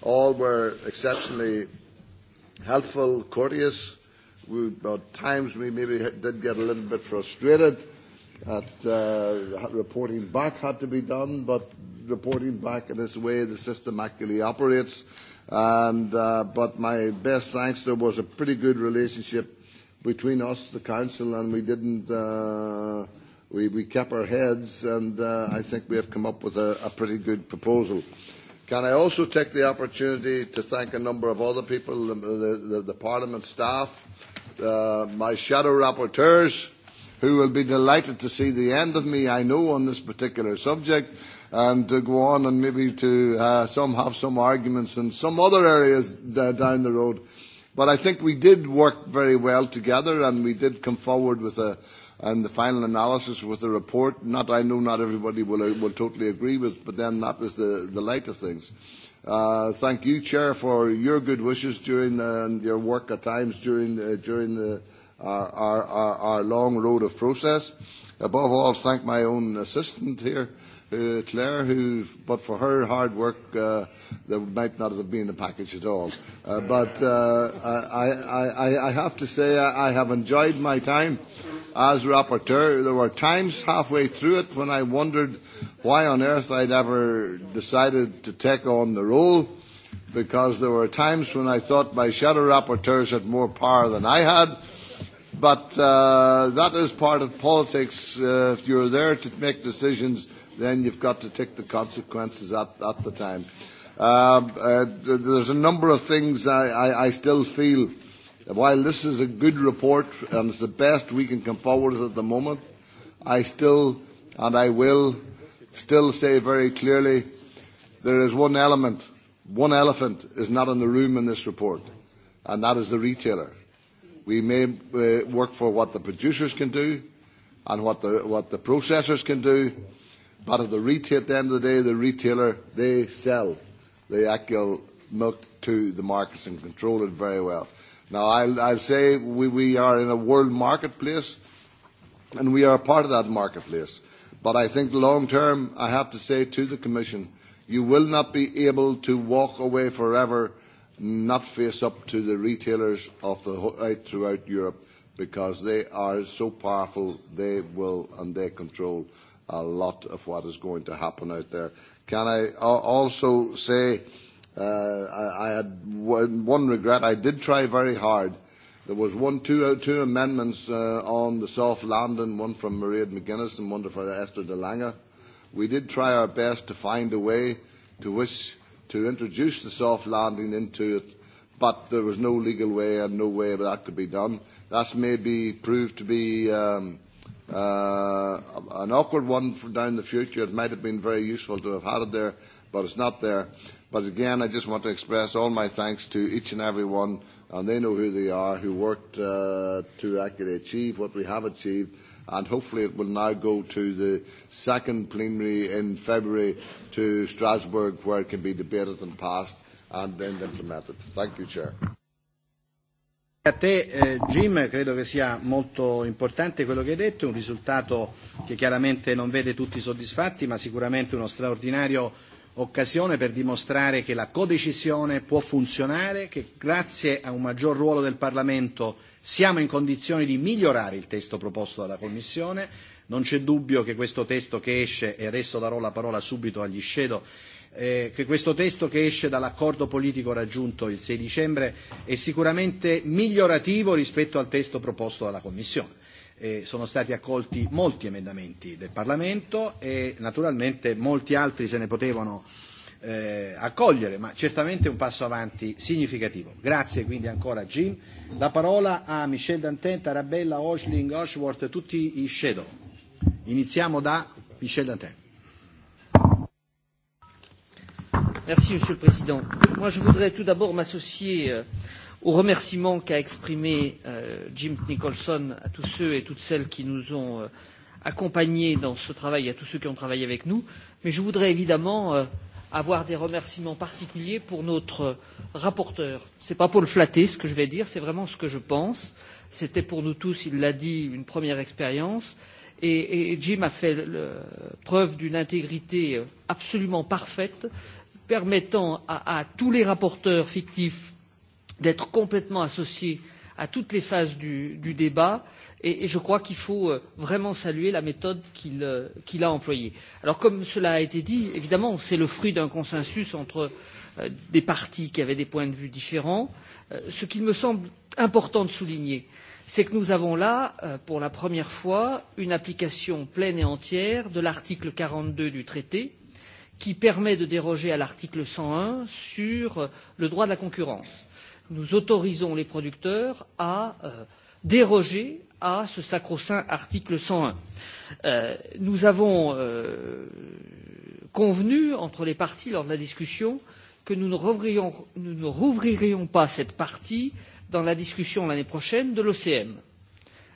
K: All were exceptionally helpful, courteous. We, at times we maybe did get a little bit frustrated that uh, reporting back had to be done, but reporting back in this way the system actually operates. And, uh, but my best thanks, there was a pretty good relationship between us, the council, and we didn't. Uh, we, we kept our heads, and uh, I think we have come up with a, a pretty good proposal. Can I also take the opportunity to thank a number of other people, the, the, the Parliament staff, uh, my shadow rapporteurs, who will be delighted to see the end of me, I know, on this particular subject, and to go on and maybe to uh, some have some arguments in some other areas uh, down the road. But I think we did work very well together and we did come forward with a, and the final analysis with the report. Not, I know not everybody will, will totally agree with, but then that was the, the light of things. Uh, thank you, Chair, for your good wishes during the, and your work at times during, uh, during the, our, our, our, our long road of process. Above all, thank my own assistant here, uh, Claire, who, but for her hard work, uh, there might not have been a package at all. Uh, but uh, I, I, I have to say I have enjoyed my time as rapporteur. There were times halfway through it when I wondered why on earth I'd ever decided to take on the role because there were times when I thought my shadow rapporteurs had more power than I had. But uh, that is part of politics. Uh, if you're there to make decisions, then you've got to take the consequences at, at the time. Um, uh, uh, there's a number of things I, I, I still feel, while this is a good report and it's the best we can come forward with at the moment, I still and I will still say very clearly there is one element, one elephant is not in the room in this report, and that is the retailer. We may uh, work for what the producers can do and what the, what the processors can do But at the retail, at the end of the day, the retailer, they sell the actual milk to the markets and control it very well. Now, I'll, I'll say we, we are in a world marketplace, and we are a part of that marketplace. But I think long term, I have to say to the Commission, you will not be able to walk away forever, not face up to the retailers of the, right throughout Europe, because they are so powerful, they will and they control a lot of what is going to happen out there. Can I also say uh, I, I had one regret. I did try very hard. There was one, two, uh, two amendments uh, on the soft landing, one from Maria McGuinness and one from Esther de Lange. We did try our best to find a way to wish to introduce the soft landing into it, but there was no legal way and no way that, that could be done. That may be proved to be um, Uh, an awkward one for down the future. It might have been very useful to have had it there, but it's not there. But again, I just want to express all my thanks to each and every one, and they know who they are, who worked uh, to actually achieve what we have achieved. And hopefully it will now go to the second plenary in February to Strasbourg, where it can be debated and passed and then implemented. Thank you, Chair.
A: A te eh, Jim, credo che sia molto importante quello che hai detto, un risultato che chiaramente non vede tutti soddisfatti, ma sicuramente uno straordinario occasione per dimostrare che la codecisione può funzionare, che grazie a un maggior ruolo del Parlamento siamo in condizioni di migliorare il testo proposto dalla Commissione. Non c'è dubbio che questo testo che esce, e adesso darò la parola subito agli scedo, eh, che questo testo che esce dall'accordo politico raggiunto il 6 dicembre è sicuramente migliorativo rispetto al testo proposto dalla Commissione. Eh, sono stati accolti molti emendamenti del Parlamento e naturalmente molti altri se ne potevano eh, accogliere, ma certamente un passo avanti significativo. Grazie quindi ancora Jim. La parola a Michel Dantin, Tarabella, Oshling, Oshworth, tutti i shadow.
G: Iniziamo da Michel Dantin. Merci, Monsieur le Président. Moi, je voudrais tout d'abord m'associer euh, aux remerciements qu'a exprimé euh, Jim Nicholson à tous ceux et toutes celles qui nous ont euh, accompagnés dans ce travail, à tous ceux qui ont travaillé avec nous. Mais je voudrais évidemment euh, avoir des remerciements particuliers pour notre rapporteur. Ce n'est pas pour le flatter ce que je vais dire, c'est vraiment ce que je pense. C'était pour nous tous, il l'a dit, une première expérience. Et, et Jim a fait le, preuve d'une intégrité euh, absolument parfaite permettant à, à tous les rapporteurs fictifs d'être complètement associés à toutes les phases du, du débat et, et je crois qu'il faut euh, vraiment saluer la méthode qu'il euh, qu a employée. Alors comme cela a été dit, évidemment c'est le fruit d'un consensus entre euh, des partis qui avaient des points de vue différents. ce qu'il me semble important de souligner, c'est que nous avons là, pour la première fois, une application pleine et entière de l'article quarante deux du traité, qui permet de déroger à l'article cent un sur le droit de la concurrence. Nous autorisons les producteurs à euh, déroger à ce sacro-saint article 101. Euh, nous avons euh, convenu entre les parties lors de la discussion que nous ne, rouvririons, nous ne rouvririons pas cette partie dans la discussion l'année prochaine de l'OCM.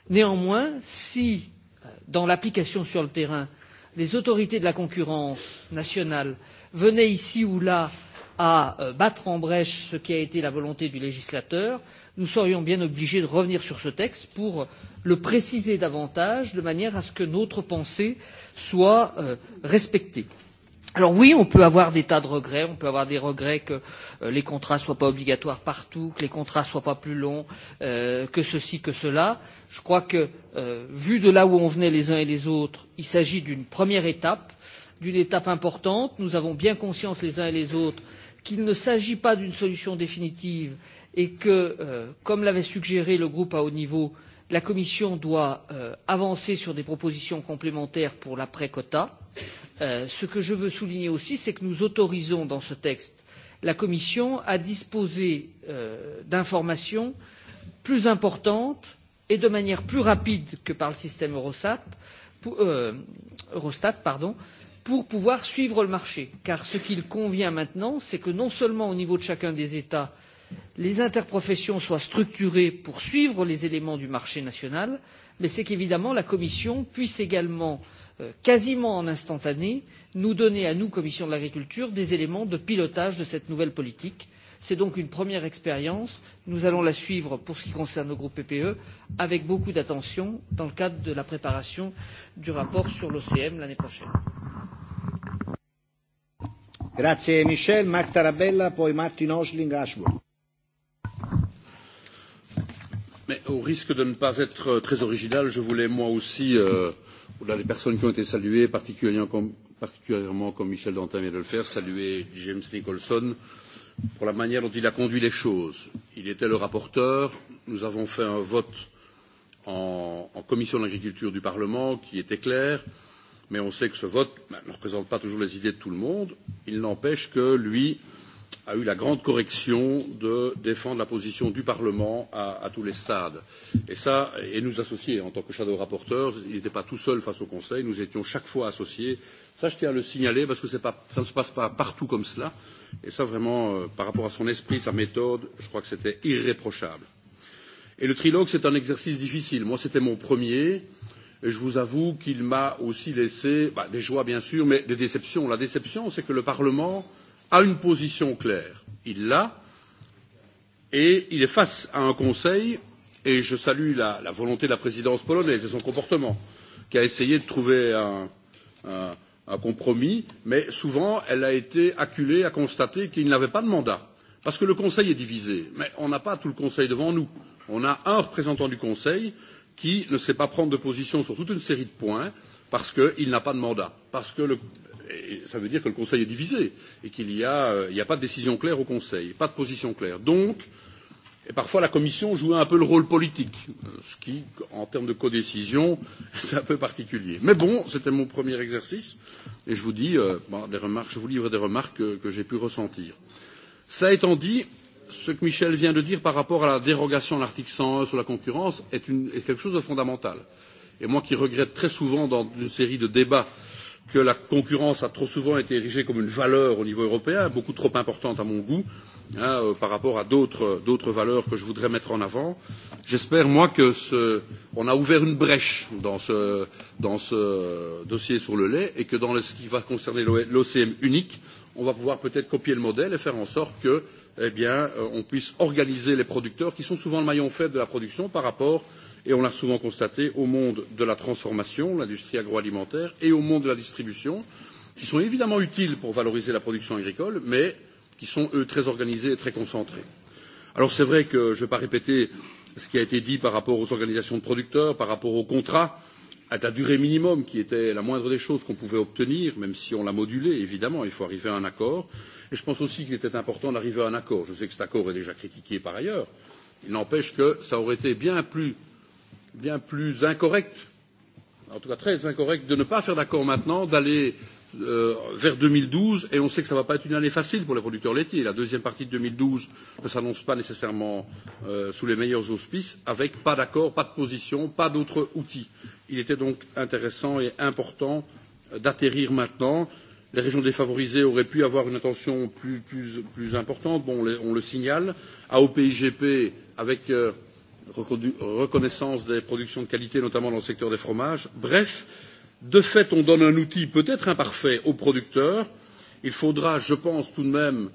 G: Néanmoins, si euh, dans l'application sur le terrain euh, les autorités de la concurrence nationale venaient ici ou là à euh, battre en brèche ce qui a été la volonté du législateur, nous serions bien obligés de revenir sur ce texte pour le préciser davantage, de manière à ce que notre pensée soit euh, respectée. Alors oui, on peut avoir des tas de regrets. On peut avoir des regrets que euh, les contrats ne soient pas obligatoires partout, que les contrats ne soient pas plus longs, euh, que ceci, que cela. Je crois que, euh, vu de là où on venait les uns et les autres, il s'agit d'une première étape, d'une étape importante. Nous avons bien conscience les uns et les autres qu'il ne s'agit pas d'une solution définitive et que, euh, comme l'avait suggéré le groupe à haut niveau, la commission doit euh, avancer sur des propositions complémentaires pour l'après quota. Euh, ce que je veux souligner aussi c'est que nous autorisons dans ce texte la commission à disposer euh, d'informations plus importantes et de manière plus rapide que par le système eurostat pour, euh, eurostat pardon, pour pouvoir suivre le marché car ce qu'il convient maintenant c'est que non seulement au niveau de chacun des états les interprofessions soient structurées pour suivre les éléments du marché national mais c'est qu'évidemment la commission puisse également euh, quasiment en instantané nous donner à nous commission de l'agriculture des éléments de pilotage de cette nouvelle politique. c'est donc une première expérience nous allons la suivre pour ce qui concerne le groupe ppe avec beaucoup d'attention dans le cadre de la préparation du rapport sur l'ocm l'année prochaine.
A: Grazie Michel, Mark Tarabella, poi Martin Osling, Ashworth.
O: Mais au risque de ne pas être très original, je voulais moi aussi, euh, au-delà des personnes qui ont été saluées, particulièrement comme, particulièrement comme Michel Dantin vient de le faire, saluer James Nicholson pour la manière dont il a conduit les choses. Il était le rapporteur. Nous avons fait un vote en, en commission de l'agriculture du Parlement qui était clair, mais on sait que ce vote ben, ne représente pas toujours les idées de tout le monde. Il n'empêche que lui, a eu la grande correction de défendre la position du Parlement à, à tous les stades. Et ça, et nous associer en tant que shadow rapporteur, il n'était pas tout seul face au Conseil, nous étions chaque fois associés. Ça, je tiens à le signaler parce que pas, ça ne se passe pas partout comme cela. Et ça, vraiment, euh, par rapport à son esprit, sa méthode, je crois que c'était irréprochable. Et le trilogue, c'est un exercice difficile. Moi, c'était mon premier. Et je vous avoue qu'il m'a aussi laissé bah, des joies, bien sûr, mais des déceptions. La déception, c'est que le Parlement, euh, a une position claire. Il l'a et il est face à un Conseil et je salue la, la volonté de la présidence polonaise et son comportement qui a essayé de trouver un, un, un compromis, mais souvent elle a été acculée à constater qu'il n'avait pas de mandat parce que le Conseil est divisé. Mais on n'a pas tout le Conseil devant nous. On a un représentant du Conseil qui ne sait pas prendre de position sur toute une série de points parce qu'il n'a pas de mandat, parce que le, et ça veut dire que le Conseil est divisé et qu'il n'y a, euh, a pas de décision claire au Conseil, pas de position claire. Donc, et parfois la Commission joue un peu le rôle politique, euh, ce qui, en termes de codécision, [LAUGHS] est un peu particulier. Mais bon, c'était mon premier exercice et je vous dis, euh, bon, des remarques, je vous livre des remarques que, que j'ai pu ressentir. Cela étant dit, ce que Michel vient de dire par rapport à la dérogation à l'article 101 sur la concurrence est, une, est quelque chose de fondamental. Et moi qui regrette très souvent dans une série de débats que la concurrence a trop souvent été érigée comme une valeur au niveau européen, beaucoup trop importante à mon goût, hein, euh, par rapport à d'autres valeurs que je voudrais mettre en avant. J'espère, moi, que ce, on a ouvert une brèche dans ce, dans ce dossier sur le lait et que dans le, ce qui va concerner l'OCM unique, on va pouvoir peut-être copier le modèle et faire en sorte que, eh bien, euh, on puisse organiser les producteurs, qui sont souvent le maillon faible de la production, par rapport euh, et on l'a souvent constaté au monde de la transformation, l'industrie agroalimentaire et au monde de la distribution, qui sont évidemment utiles pour valoriser la production agricole, mais qui sont, eux, très organisés et très concentrés. Alors c'est vrai que je ne vais pas répéter ce qui a été dit par rapport aux organisations de producteurs, par rapport aux contrats, à la durée minimum qui était la moindre des choses qu'on pouvait obtenir, même si on l'a modulé évidemment, il faut arriver à un accord. Et je pense aussi qu'il était important d'arriver à un accord. Je sais que cet accord est déjà critiqué par ailleurs. Il n'empêche que ça aurait été bien plus bien plus incorrect, en tout cas très incorrect, de ne pas faire d'accord maintenant, d'aller euh, vers 2012, et on sait que ça ne va pas être une année facile pour les producteurs laitiers. La deuxième partie de 2012 ne s'annonce pas nécessairement euh, sous les meilleurs auspices, avec pas d'accord, pas de position, pas d'autres outils. Il était donc intéressant et important d'atterrir maintenant. Les régions défavorisées auraient pu avoir une attention plus, plus, plus importante, bon, on, les, on le signale. AOPIGP, avec euh, reconnaissance des productions de qualité, notamment dans le secteur des fromages. Bref, de fait, on donne un outil peut-être imparfait aux producteurs. Il faudra, je pense, tout de même,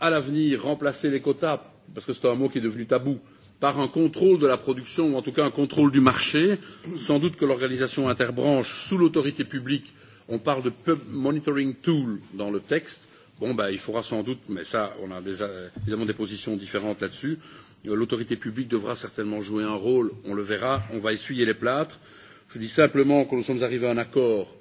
O: à l'avenir, remplacer les quotas, parce que c'est un mot qui est devenu tabou, par un contrôle de la production, ou en tout cas un contrôle du marché. Sans doute que l'organisation interbranche, sous l'autorité publique, on parle de pub monitoring tool dans le texte. Bon, ben, il faudra sans doute, mais ça, on a déjà euh, évidemment des positions différentes là-dessus, Euh, l'autorité publique devra certainement jouer un rôle, on le verra, on va essuyer les plâtres. Je dis simplement que nous sommes arrivés à un accord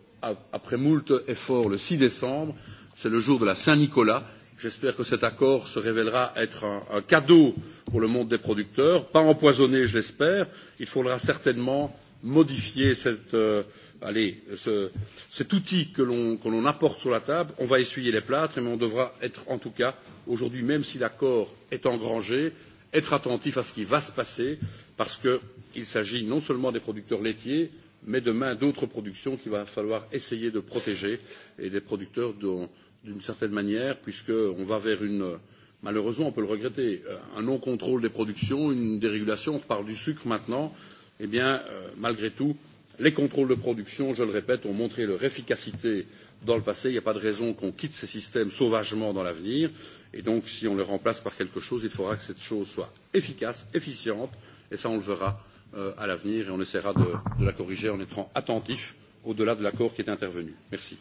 O: après moult efforts le six décembre, c'est le jour de la Saint-Nicolas. J'espère que cet accord se révélera être un, un cadeau pour le monde des producteurs, pas empoisonné, je l'espère. Il faudra certainement modifier cette, euh, allez, ce, cet outil que l'on apporte sur la table. On va essuyer les plâtres, mais on devra être en tout cas, aujourd'hui, même si l'accord est engrangé, être attentif à ce qui va se passer parce qu'il s'agit non seulement des producteurs laitiers mais demain d'autres productions qu'il va falloir essayer de protéger et des producteurs d'une certaine manière puisqu'on va vers une malheureusement on peut le regretter euh, un non contrôle des productions une dérégulation on parle du sucre maintenant eh bien euh, malgré tout les contrôles de production je le répète ont montré leur efficacité dans le passé il n'y a pas de raison qu'on quitte ces systèmes sauvagement dans l'avenir. Euh, Et donc, si on le remplace par quelque chose, il faudra que cette chose soit efficace, efficiente, et ça, on le verra euh, à l'avenir, et on essaiera de, de la corriger en étant attentif au-delà de l'accord qui est intervenu. Merci.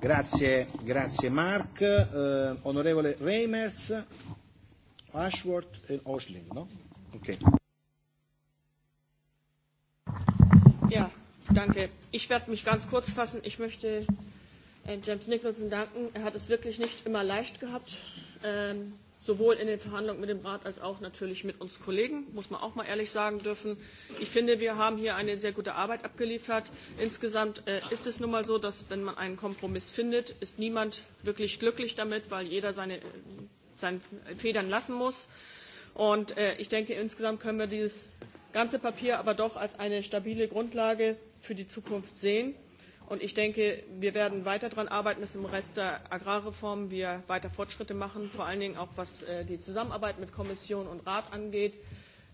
A: Grazie, grazie Mark. Eh, Reimers, Ashworth e Osling, no?
H: Ja, danke. Ich werde mich ganz kurz fassen. Ich möchte Äh, James Nicholson danken. Er hat es wirklich nicht immer leicht gehabt, ähm, sowohl in den Verhandlungen mit dem Rat als auch natürlich mit uns Kollegen, muss man auch mal ehrlich sagen dürfen. Ich finde, wir haben hier eine sehr gute Arbeit abgeliefert. Insgesamt äh, ist es nun mal so, dass wenn man einen Kompromiss findet, ist niemand wirklich glücklich damit, weil jeder seine, äh, seine äh, Federn lassen muss. Und äh, ich denke, insgesamt können wir dieses ganze Papier aber doch als eine stabile Grundlage für die Zukunft sehen. Und ich denke, wir werden weiter daran arbeiten, dass im Rest der Agrarreform wir weiter Fortschritte machen, vor allen Dingen auch was äh, die Zusammenarbeit mit Kommission und Rat angeht.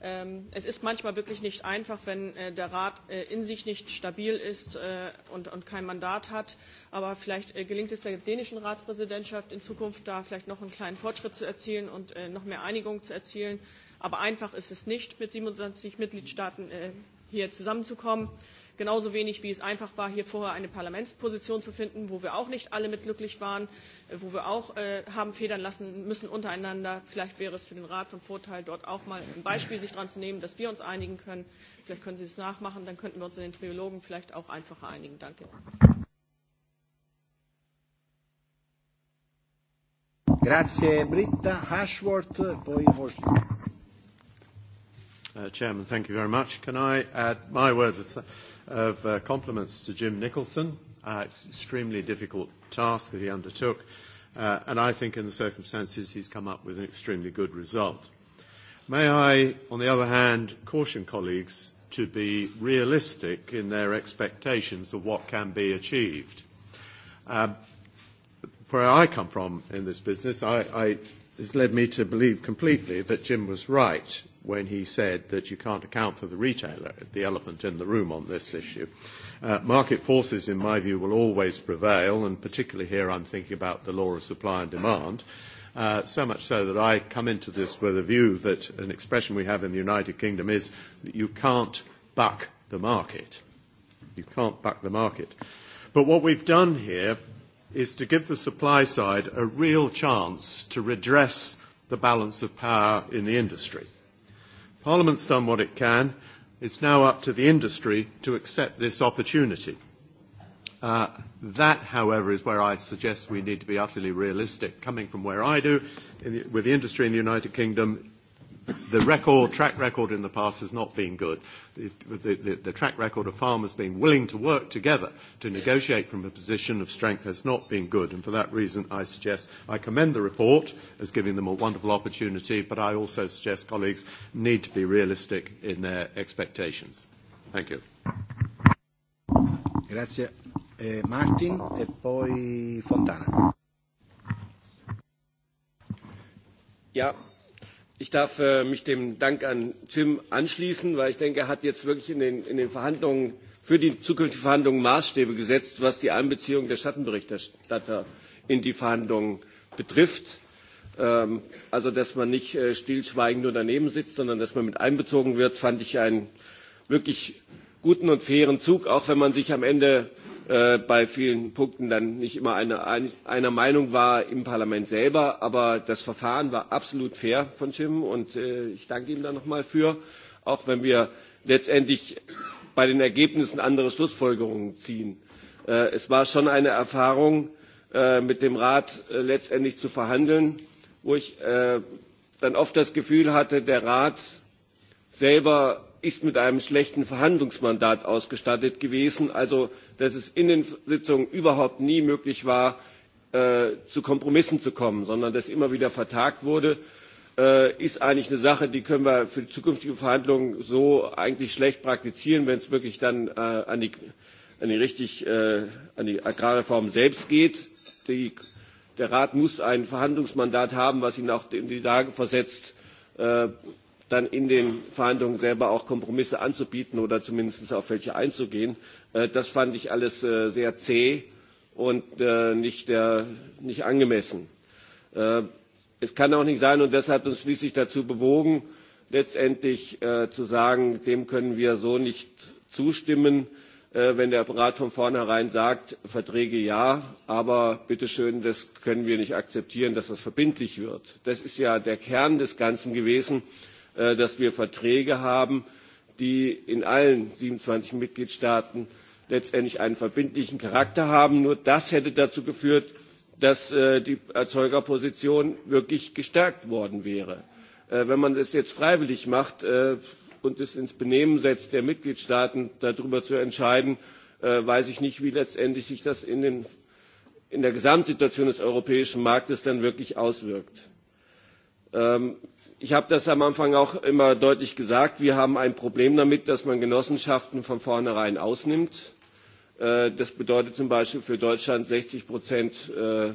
H: Ähm, es ist manchmal wirklich nicht einfach, wenn äh, der Rat äh, in sich nicht stabil ist und, kein Mandat hat. Aber vielleicht gelingt es der dänischen Ratspräsidentschaft in Zukunft, da vielleicht noch einen kleinen Fortschritt zu erzielen und noch mehr Einigung zu erzielen. Aber einfach ist es nicht, mit 27 Mitgliedstaaten hier zusammenzukommen. Genauso wenig, wie es einfach war, hier vorher eine Parlamentsposition zu finden, wo wir auch nicht alle mit glücklich waren, äh, wo wir auch äh, haben federn lassen müssen untereinander. Vielleicht wäre es für den Rat von Vorteil, dort auch mal ein Beispiel sich dran zu nehmen, dass wir uns einigen können. Vielleicht können Sie es nachmachen, dann könnten wir uns in den Triologen vielleicht auch einfacher einigen. Danke.
A: Grazie Britta, Ashworth, poi Hosling.
N: Uh, Chairman, thank you very much. Can I add my words of, uh, compliments to Jim Nicholson? Uh, it's extremely difficult task that he undertook, and I think in the circumstances he's come up with an extremely good result. May I, on the other hand, caution colleagues to be realistic in their expectations of what can be achieved. Um, where I come from in this business, it's led me to believe completely that Jim was right when he said that you can't account for the retailer, the elephant in the room on this issue. Uh, market forces, in my view, will always prevail, and particularly here I'm thinking about the law of supply and demand. Uh, so much so that I come into this with a view that an expression we have in the United Kingdom is that you can't buck the market. You can't buck the market. But what we've done here is to give the supply side a real chance to redress the balance of power in the industry. Parliament's done what it can. It's now up to the industry to accept this opportunity. Uh, that, however, is where I suggest we need to be utterly realistic. Coming from where I do, in the, with the industry in the United Kingdom, the record, track record in the past has not been good. The, the, the track record of farmers being willing to work together to negotiate from a position of strength has not been good. And for that reason, I suggest I commend the report as giving them a wonderful opportunity, but I also suggest colleagues need to be realistic in their expectations.
O: Thank
A: you. Grazie. Eh, Martin e poi Fontana.
I: Yeah. Ich darf äh, mich dem Dank an Jim anschließen, weil ich denke, er hat jetzt wirklich in den, in den Verhandlungen für die zukünftigen Verhandlungen Maßstäbe gesetzt, was die Einbeziehung der Schattenberichterstatter in die Verhandlungen betrifft. Ähm, also, dass man nicht äh, stillschweigend nur daneben sitzt, sondern dass man mit einbezogen wird, fand ich einen wirklich guten und fairen Zug, auch wenn man sich am Ende Äh, bei vielen Punkten dann nicht immer eine, einer Meinung war im Parlament selber. Aber das Verfahren war absolut fair von Jim und äh, ich danke ihm da nochmal für, auch wenn wir letztendlich bei den Ergebnissen andere Schlussfolgerungen ziehen. Äh, es war schon eine Erfahrung, äh, mit dem Rat äh, letztendlich zu verhandeln, wo ich äh, dann oft das Gefühl hatte, der Rat selber ist mit einem schlechten Verhandlungsmandat ausgestattet gewesen. Also dass es in den Sitzungen überhaupt nie möglich war, äh, zu Kompromissen zu kommen, sondern dass immer wieder vertagt wurde, äh, ist eigentlich eine Sache, die können wir für zukünftige Verhandlungen so eigentlich schlecht praktizieren, wenn es wirklich dann äh, an die, an die, richtig, an die Agrarreform selbst geht. Die, der Rat muss ein Verhandlungsmandat haben, was ihn auch in die Lage versetzt, dann in den Verhandlungen selber auch Kompromisse anzubieten oder zumindest auf welche einzugehen. Äh, das fand ich alles äh, sehr zäh und äh, nicht, nicht angemessen. Es kann auch nicht sein, und das hat uns schließlich dazu bewogen, letztendlich zu sagen, dem können wir so nicht zustimmen, wenn der Rat von vornherein sagt, Verträge ja, aber bitteschön, das können wir nicht akzeptieren, dass das verbindlich wird. Das ist ja der Kern des Ganzen gewesen, dass wir Verträge haben, die in allen 27 Mitgliedstaaten letztendlich einen verbindlichen Charakter haben. Nur das hätte dazu geführt, dass äh, die Erzeugerposition wirklich gestärkt worden wäre. Äh, wenn man es jetzt freiwillig macht äh, und es ins Benehmen setzt, der Mitgliedstaaten darüber zu entscheiden, weiß ich nicht, wie letztendlich sich das in, den, in der Gesamtsituation des europäischen Marktes dann wirklich auswirkt. Ähm, ich habe das am Anfang auch immer deutlich gesagt, wir haben ein Problem damit, dass man Genossenschaften von vornherein ausnimmt Äh, das bedeutet zum Beispiel für Deutschland 60 Prozent äh,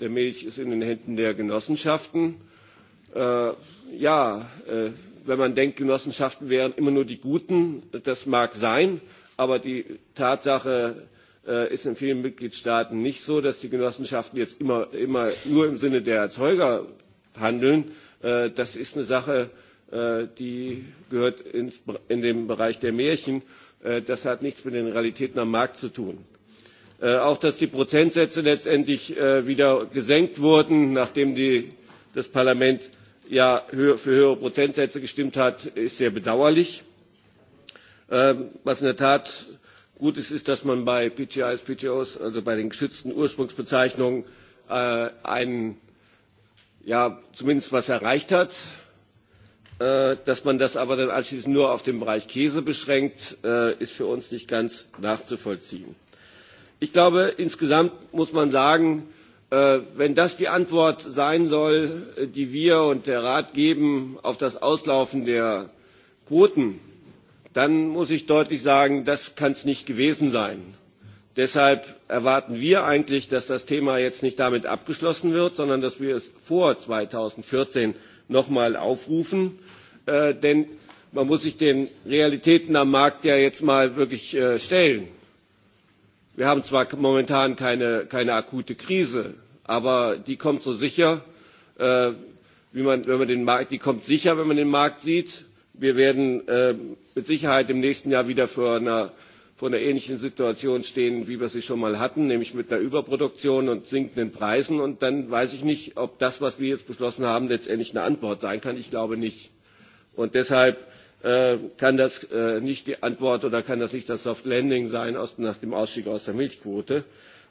I: der Milch ist in den Händen der Genossenschaften. Äh, ja, wenn man denkt, Genossenschaften wären immer nur die Guten, das mag sein, aber die Tatsache ist in vielen Mitgliedstaaten nicht so, dass die Genossenschaften jetzt immer, immer nur im Sinne der Erzeuger handeln. Das ist eine Sache, die gehört in den Bereich der Märchen. Äh, das hat nichts mit den Realitäten am Markt zu tun. Äh, auch dass die Prozentsätze letztendlich äh, wieder gesenkt wurden, nachdem die, das Parlament ja für höhere Prozentsätze gestimmt hat, ist sehr bedauerlich. Ähm, was in der Tat gut ist, ist, dass man bei PGIs, PGOs, also bei den geschützten Ursprungsbezeichnungen, einen, ja, zumindest was erreicht hat. Äh, dass man das aber dann anschließend nur auf den Bereich Käse beschränkt, äh, ist für uns nicht ganz nachzuvollziehen. Ich glaube, insgesamt muss man sagen, äh, wenn das die Antwort sein soll, die wir und der Rat geben auf das Auslaufen der Quoten, dann muss ich deutlich sagen, das kann es nicht gewesen sein. Deshalb erwarten wir eigentlich, dass das Thema jetzt nicht damit abgeschlossen wird, sondern dass wir es vor 2014 noch mal aufrufen. Äh, denn man muss sich den Realitäten am Markt ja jetzt mal wirklich äh, stellen. Wir haben zwar momentan keine, keine akute Krise, aber die kommt so sicher, äh, wie man, wenn man den Markt, die kommt sicher, wenn man den Markt sieht. Wir werden äh, mit Sicherheit im nächsten Jahr wieder vor einer vor einer ähnlichen Situation stehen, wie wir sie schon mal hatten, nämlich mit einer Überproduktion und sinkenden Preisen. Und dann weiß ich nicht, ob das, was wir jetzt beschlossen haben, letztendlich eine Antwort sein kann. Ich glaube nicht. Und deshalb äh, kann das äh, nicht die Antwort oder kann das nicht das Soft Landing sein aus, nach dem Ausstieg aus der Milchquote.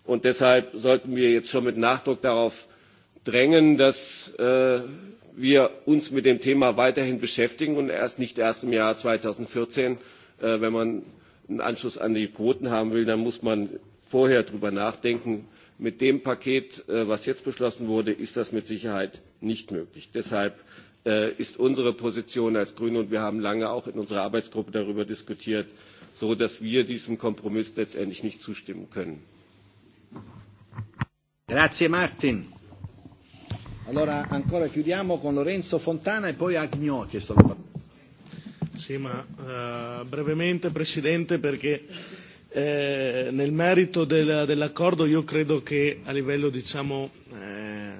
I: Und deshalb sollten wir jetzt schon mit Nachdruck darauf drängen, dass äh, wir uns mit dem Thema weiterhin beschäftigen und erst nicht erst im Jahr 2014, äh, wenn man einen Anschluss an die Quoten haben will, dann muss man vorher darüber nachdenken. Mit dem Paket, äh, was jetzt beschlossen wurde, ist das mit Sicherheit nicht möglich. Deshalb äh, ist unsere Position als Grüne, und wir haben lange auch in unserer Arbeitsgruppe darüber diskutiert, so dass wir diesem Kompromiss letztendlich nicht zustimmen können. Grazie Martin.
A: Allora ancora chiudiamo con Lorenzo Fontana e poi Agnò ha chiesto la
P: Sì, ma eh, brevemente Presidente perché eh, nel merito del, dell'accordo io credo che a livello diciamo, eh,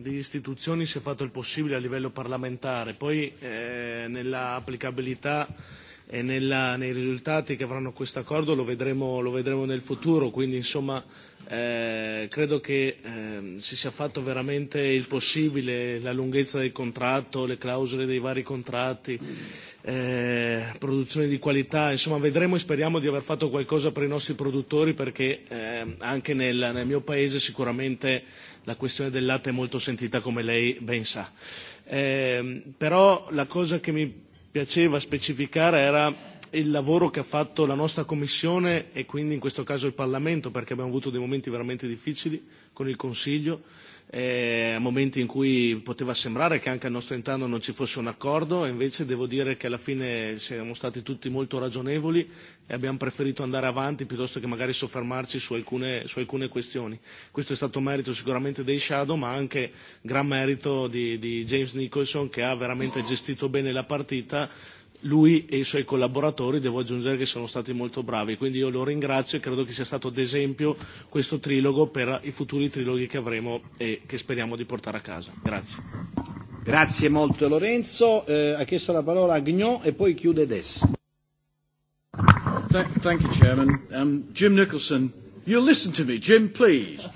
P: di istituzioni si è fatto il possibile a livello parlamentare, poi eh, nell'applicabilità applicabilità e nella, nei risultati che avranno questo accordo lo vedremo, lo vedremo nel futuro, quindi insomma eh, credo che eh, si sia fatto veramente il possibile, la lunghezza del contratto, le clausole dei vari contratti, eh, produzione di qualità, insomma vedremo e speriamo di aver fatto qualcosa per i nostri produttori perché eh, anche nel, nel mio paese sicuramente la questione del latte è molto sentita come lei ben sa. Eh, però la cosa che mi piaceva specificare era il lavoro che ha fatto la nostra Commissione e quindi in questo caso il Parlamento, perché abbiamo avuto dei momenti veramente difficili con il Consiglio eh, momenti in cui poteva sembrare che anche al nostro interno non ci fosse un accordo, invece devo dire che alla fine siamo stati tutti molto ragionevoli e abbiamo preferito andare avanti piuttosto che magari soffermarci su alcune, su alcune questioni. Questo è stato merito sicuramente dei Shadow, ma anche gran merito di, di James Nicholson che ha veramente gestito bene la partita lui e i suoi collaboratori devo aggiungere che sono stati molto bravi, quindi io lo ringrazio e credo che sia stato d'esempio questo trilogo per i futuri triloghi che avremo e che speriamo di portare a casa. Grazie.
A: Grazie molto Lorenzo, eh, ha chiesto la parola a Gnò e poi chiude Dess.
Q: Th thank you Chairman. Um, Jim Nicholson, you listen to me, Jim please.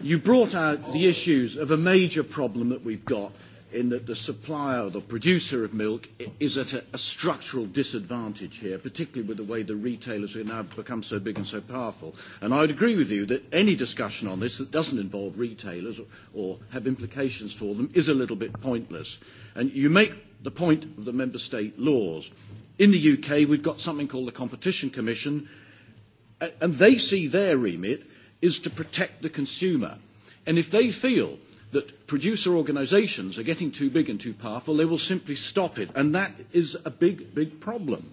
Q: You brought out the issues of a major problem that we've got in that the supplier, the producer of milk, is at a, a structural disadvantage here, particularly with the way the retailers have now become so big and so powerful. And I would agree with you that any discussion on this that doesn't involve retailers or, or have implications for them is a little bit pointless. And you make the point of the member state laws. In the UK, we've got something called the Competition Commission, and they see their remit is to protect the consumer. And if they feel that producer organisations are getting too big and too powerful, they will simply stop it. And that is a big, big problem.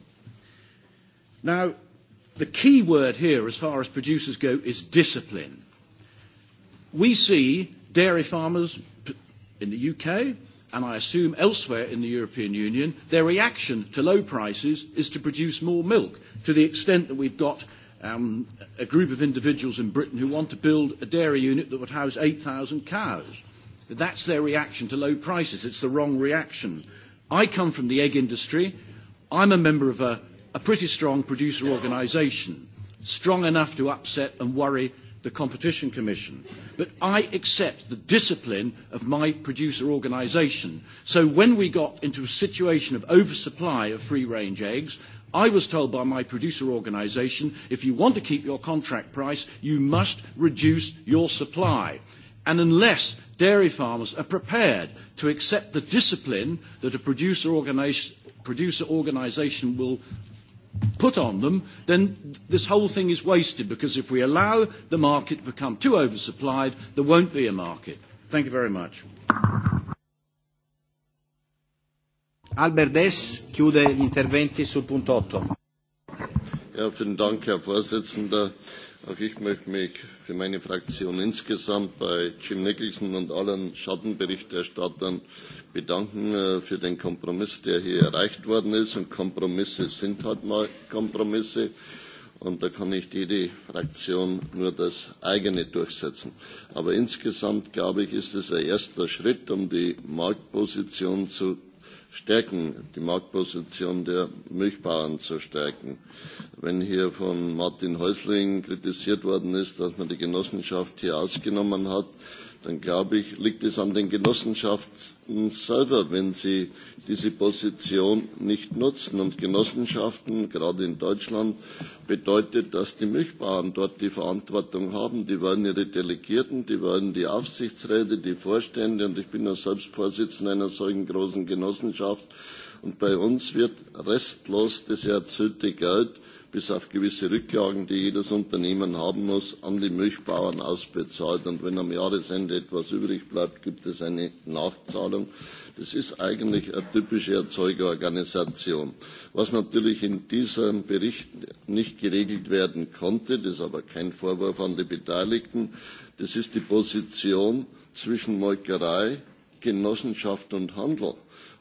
Q: Now, the key word here, as far as producers go, is discipline. We see dairy farmers in the UK, and I assume elsewhere in the European Union, their reaction to low prices is to produce more milk to the extent that we've got um, a group of individuals in Britain who want to build a dairy unit that would house 8,000 cows. That's their reaction to low prices. It's the wrong reaction. I come from the egg industry. I'm a member of a, a pretty strong producer organisation, strong enough to upset and worry the Competition Commission. But I accept the discipline of my producer organisation. So when we got into a situation of oversupply of free-range eggs, I was told by my producer organisation, if you want to keep your contract price, you must reduce your supply. And unless dairy farmers are prepared to accept the discipline that a producer, organis- producer organisation will put on them, then this whole thing is wasted because if we allow the market to become too oversupplied, there won't be a market. Thank you very much.
A: Albert Dess chiude gli interventi sul punto 8.
M: Ja, vielen Dank, Herr Vorsitzender. Auch ich möchte mich für meine Fraktion insgesamt bei Jim Nicholson und allen Schattenberichterstattern bedanken äh, für den Kompromiss, der hier erreicht worden ist. Und Kompromisse sind halt mal Kompromisse. Und da kann nicht jede Fraktion nur das eigene durchsetzen. Aber insgesamt, glaube ich, ist es ein erster Schritt, um die Marktposition zu stärken, die Marktposition der Milchbauern zu stärken. Wenn hier von Martin Häusling kritisiert worden ist, dass man die Genossenschaft hier ausgenommen hat, dann glaube ich, liegt es an den Genossenschaften selber, wenn sie diese Position nicht nutzen. Und Genossenschaften, gerade in Deutschland, bedeutet, dass die Milchbauern dort die Verantwortung haben. Die wollen ihre Delegierten, die wollen die Aufsichtsräte, die Vorstände. Und ich bin ja selbst Vorsitzender einer solchen großen Genossenschaft. Und bei uns wird restlos das erzielte Geld bis auf gewisse Rücklagen, die jedes Unternehmen haben muss, an die Milchbauern ausbezahlt. Und wenn am Jahresende etwas übrig bleibt, gibt es eine Nachzahlung. Das ist eigentlich eine typische Erzeugerorganisation. Was natürlich in diesem Bericht nicht geregelt werden konnte, das ist aber kein Vorwurf an die Beteiligten, das ist die Position zwischen Molkerei, Genossenschaft und Handel.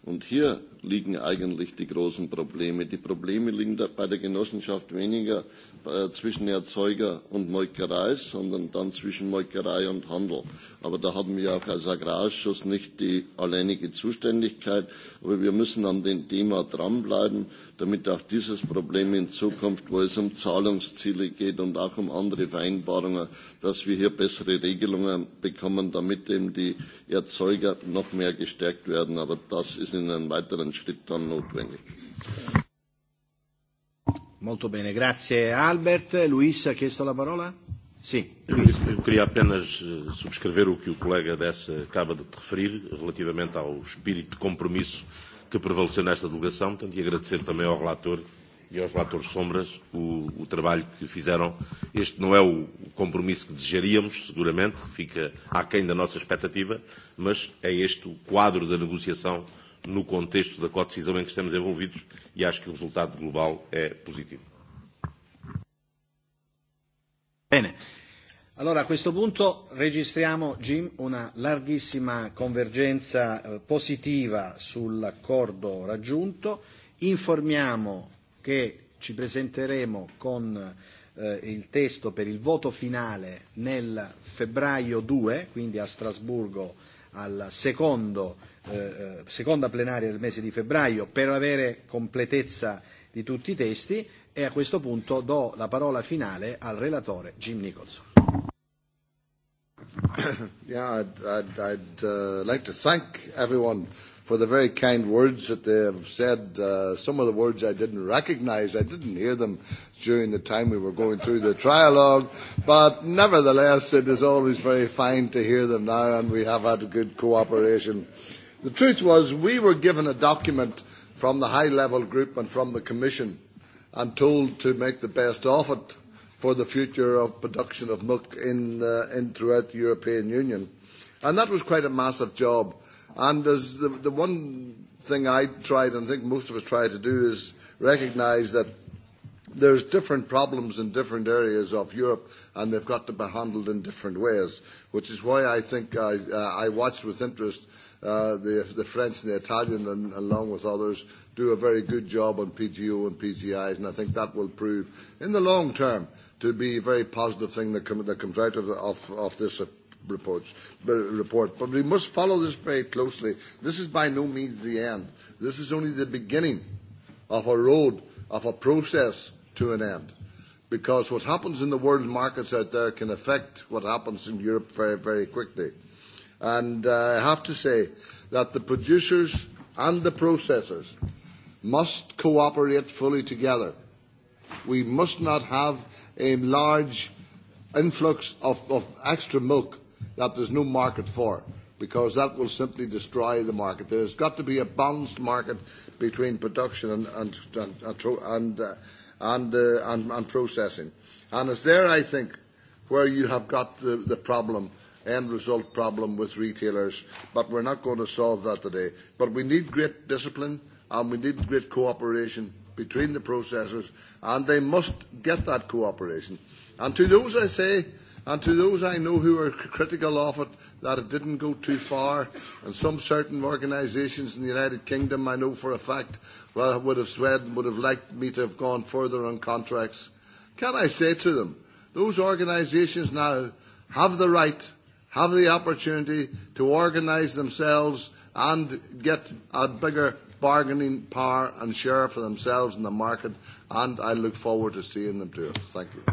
M: Und hier liegen eigentlich die großen Probleme. Die Probleme liegen da bei der Genossenschaft weniger Äh, zwischen Erzeuger und Molkerei, sondern dann zwischen Molkerei und Handel. Aber da haben wir auch als Agrarausschuss nicht die alleinige Zuständigkeit. Aber wir müssen an dem Thema dranbleiben, damit auch dieses Problem in Zukunft, wo es um Zahlungsziele geht und auch um andere Vereinbarungen, dass wir hier bessere Regelungen bekommen, damit eben die Erzeuger noch mehr gestärkt werden. Aber das ist in einem weiteren Schritt dann notwendig.
A: Molto bene, grazie Albert. Luis ha chiesto la parola?
M: Sim. Eu, eu queria
L: apenas eh, subscrever o que o colega dessa acaba de referir relativamente ao espírito de compromisso que prevaleceu nesta delegação, portanto, e agradecer também ao relator e aos relatores sombras o, o trabalho que fizeram. Este não é o compromisso que desejaríamos, seguramente, fica aquém da nossa expectativa, mas é este o quadro da negociação no contexto da co-decisão em que estamos envolvidos e acho que o resultado global é positivo.
A: Bem. Allora a questo punto registriamo, Jim, una larghissima convergenza eh, positiva sull'accordo raggiunto. Informiamo che ci presenteremo con eh, il testo per il voto finale nel febbraio 2, quindi a Strasburgo al secondo Eh, eh, seconda plenaria del mese di febbraio per avere completezza di tutti i testi e a questo punto do la parola finale al relatore Jim Nicholson. [COUGHS]
K: Yeah, I'd, I'd, I'd uh, like to thank everyone for the very kind words that they have said. Uh, some of the words I didn't recognise. I didn't hear them during the time we were going through the trialogue, but nevertheless, it is always very fine to hear them now, and we have had good cooperation. Uh, The truth was we were given a document from the high level group and from the Commission and told to make the best of it for the future of production of milk in, uh, in throughout the European Union. And that was quite a massive job. And as the, the one thing I tried, and I think most of us try to do, is recognise that there's different problems in different areas of Europe, and they've got to be handled in different ways, which is why I think I, uh, I watched with interest Uh, the, the French and the Italian, and, along with others, do a very good job on PGO and PGIs, and I think that will prove, in the long term, to be a very positive thing that, come, that comes out of, of, of this uh, reports, report. But we must follow this very closely. This is by no means the end. This is only the beginning of a road, of a process to an end. Because what happens in the world markets out there can affect what happens in Europe very, very quickly. And uh, I have to say that the producers and the processors must cooperate fully together. We must not have a large influx of, of extra milk that there's no market for because that will simply destroy the market. There has got to be a balanced market between production and, and, and, and, uh, and, uh, and, and processing. And it's there, I think, where you have got the, the problem end result problem with retailers, but we're not going to solve that today. But we need great discipline and we need great cooperation between the processors, and they must get that cooperation. And to those I say, and to those I know who are critical of it, that it didn't go too far, and some certain organisations in the United Kingdom, I know for a fact, well, would have said, would have liked me to have gone further on contracts. Can I say to them, those organisations now have the right have the opportunity to organise themselves and get a bigger bargaining power and share for themselves in the market. And I
A: look forward to seeing them do it. Thank you.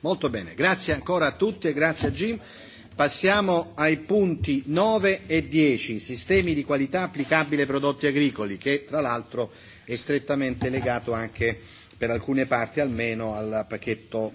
A: Molto bene, grazie ancora a tutti e grazie a Jim. Passiamo ai punti 9 e 10, sistemi di qualità applicabile ai prodotti agricoli, che tra l'altro è strettamente legato anche per alcune parti almeno al pacchetto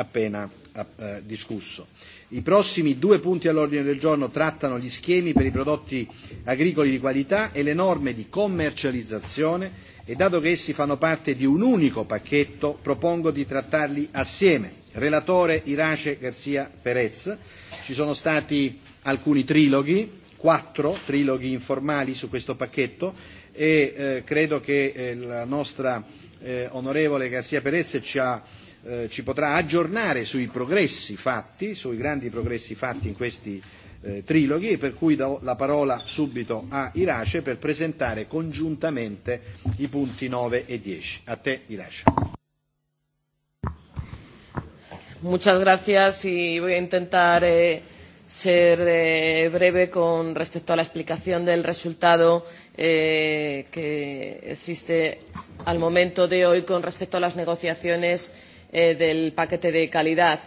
A: appena eh, discusso. I prossimi due punti all'ordine del giorno trattano gli schemi per i prodotti agricoli di qualità e le norme di commercializzazione e dato che essi fanno parte di un unico pacchetto propongo di trattarli assieme. Relatore Irace Garcia Perez, ci sono stati alcuni triloghi, quattro triloghi informali su questo pacchetto e eh, credo che eh, la nostra eh, onorevole Garcia Perez ci ha Eh, ci potrà aggiornare sui progressi fatti, sui grandi progressi fatti in questi eh, triloghi e per cui do la parola subito a Irace per presentare congiuntamente i punti 9 e 10. A te Irace.
D: Muchas gracias y voy a intentar eh, ser eh, breve con respecto a la explicación del resultado eh, que existe al momento de hoy con respecto a las negociaciones Eh, del paquete de calidad.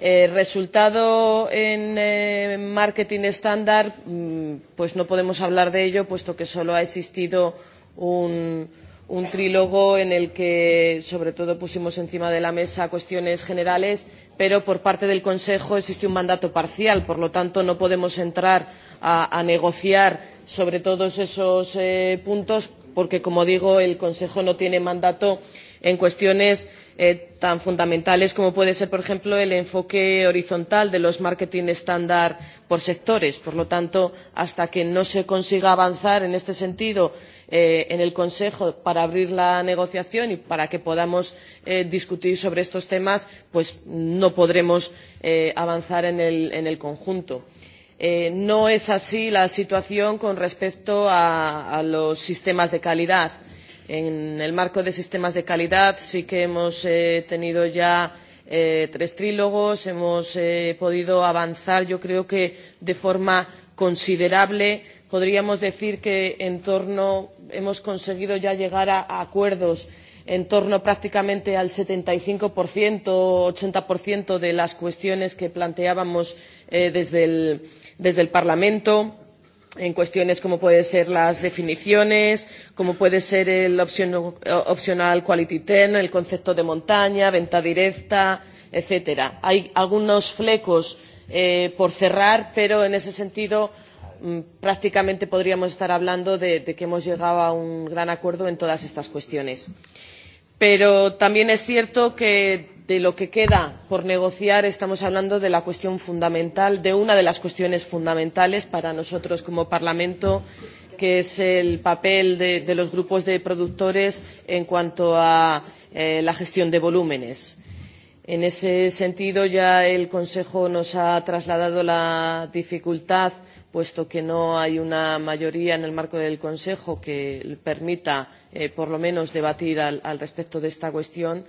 D: El eh, resultado en eh, marketing estándar, mm, pues no podemos hablar de ello, puesto que solo ha existido un, un trílogo en el que sobre todo pusimos encima de la mesa cuestiones generales pero por parte del consejo existe un mandato parcial por lo tanto no podemos entrar a, a negociar sobre todos esos eh, puntos porque como digo el consejo no tiene mandato en cuestiones Eh, tan fundamentales como puede ser, por ejemplo, el enfoque horizontal de los marketing estándar por sectores. Por lo tanto, hasta que no se consiga avanzar en este sentido eh, en el Consejo para abrir la negociación y para que podamos eh, discutir sobre estos temas, pues no podremos eh, avanzar en el, en el conjunto. Eh, no es así la situación con respecto a, a los sistemas de calidad. En el marco de sistemas de calidad sí que hemos eh, tenido ya eh, tres trílogos, hemos eh, podido avanzar, yo creo que de forma considerable. Podríamos decir que en torno, hemos conseguido ya llegar a, a acuerdos en torno prácticamente al setenta y cinco ochenta de las cuestiones que planteábamos eh, desde, el, desde el Parlamento en cuestiones como pueden ser las definiciones, como puede ser el option, optional quality ten, el concepto de montaña, venta directa, etcétera. Hay algunos flecos eh, por cerrar, pero en ese sentido mm, prácticamente podríamos estar hablando de, de que hemos llegado a un gran acuerdo en todas estas cuestiones. Pero también es cierto que de lo que queda por negociar estamos hablando de la cuestión fundamental de una de las cuestiones fundamentales para nosotros como parlamento que es el papel de, de los grupos de productores en cuanto a eh, la gestión de volúmenes. En ese sentido, ya el Consejo nos ha trasladado la dificultad, puesto que no hay una mayoría en el marco del Consejo que permita, eh, por lo menos, debatir al, al respecto de esta cuestión. Eh,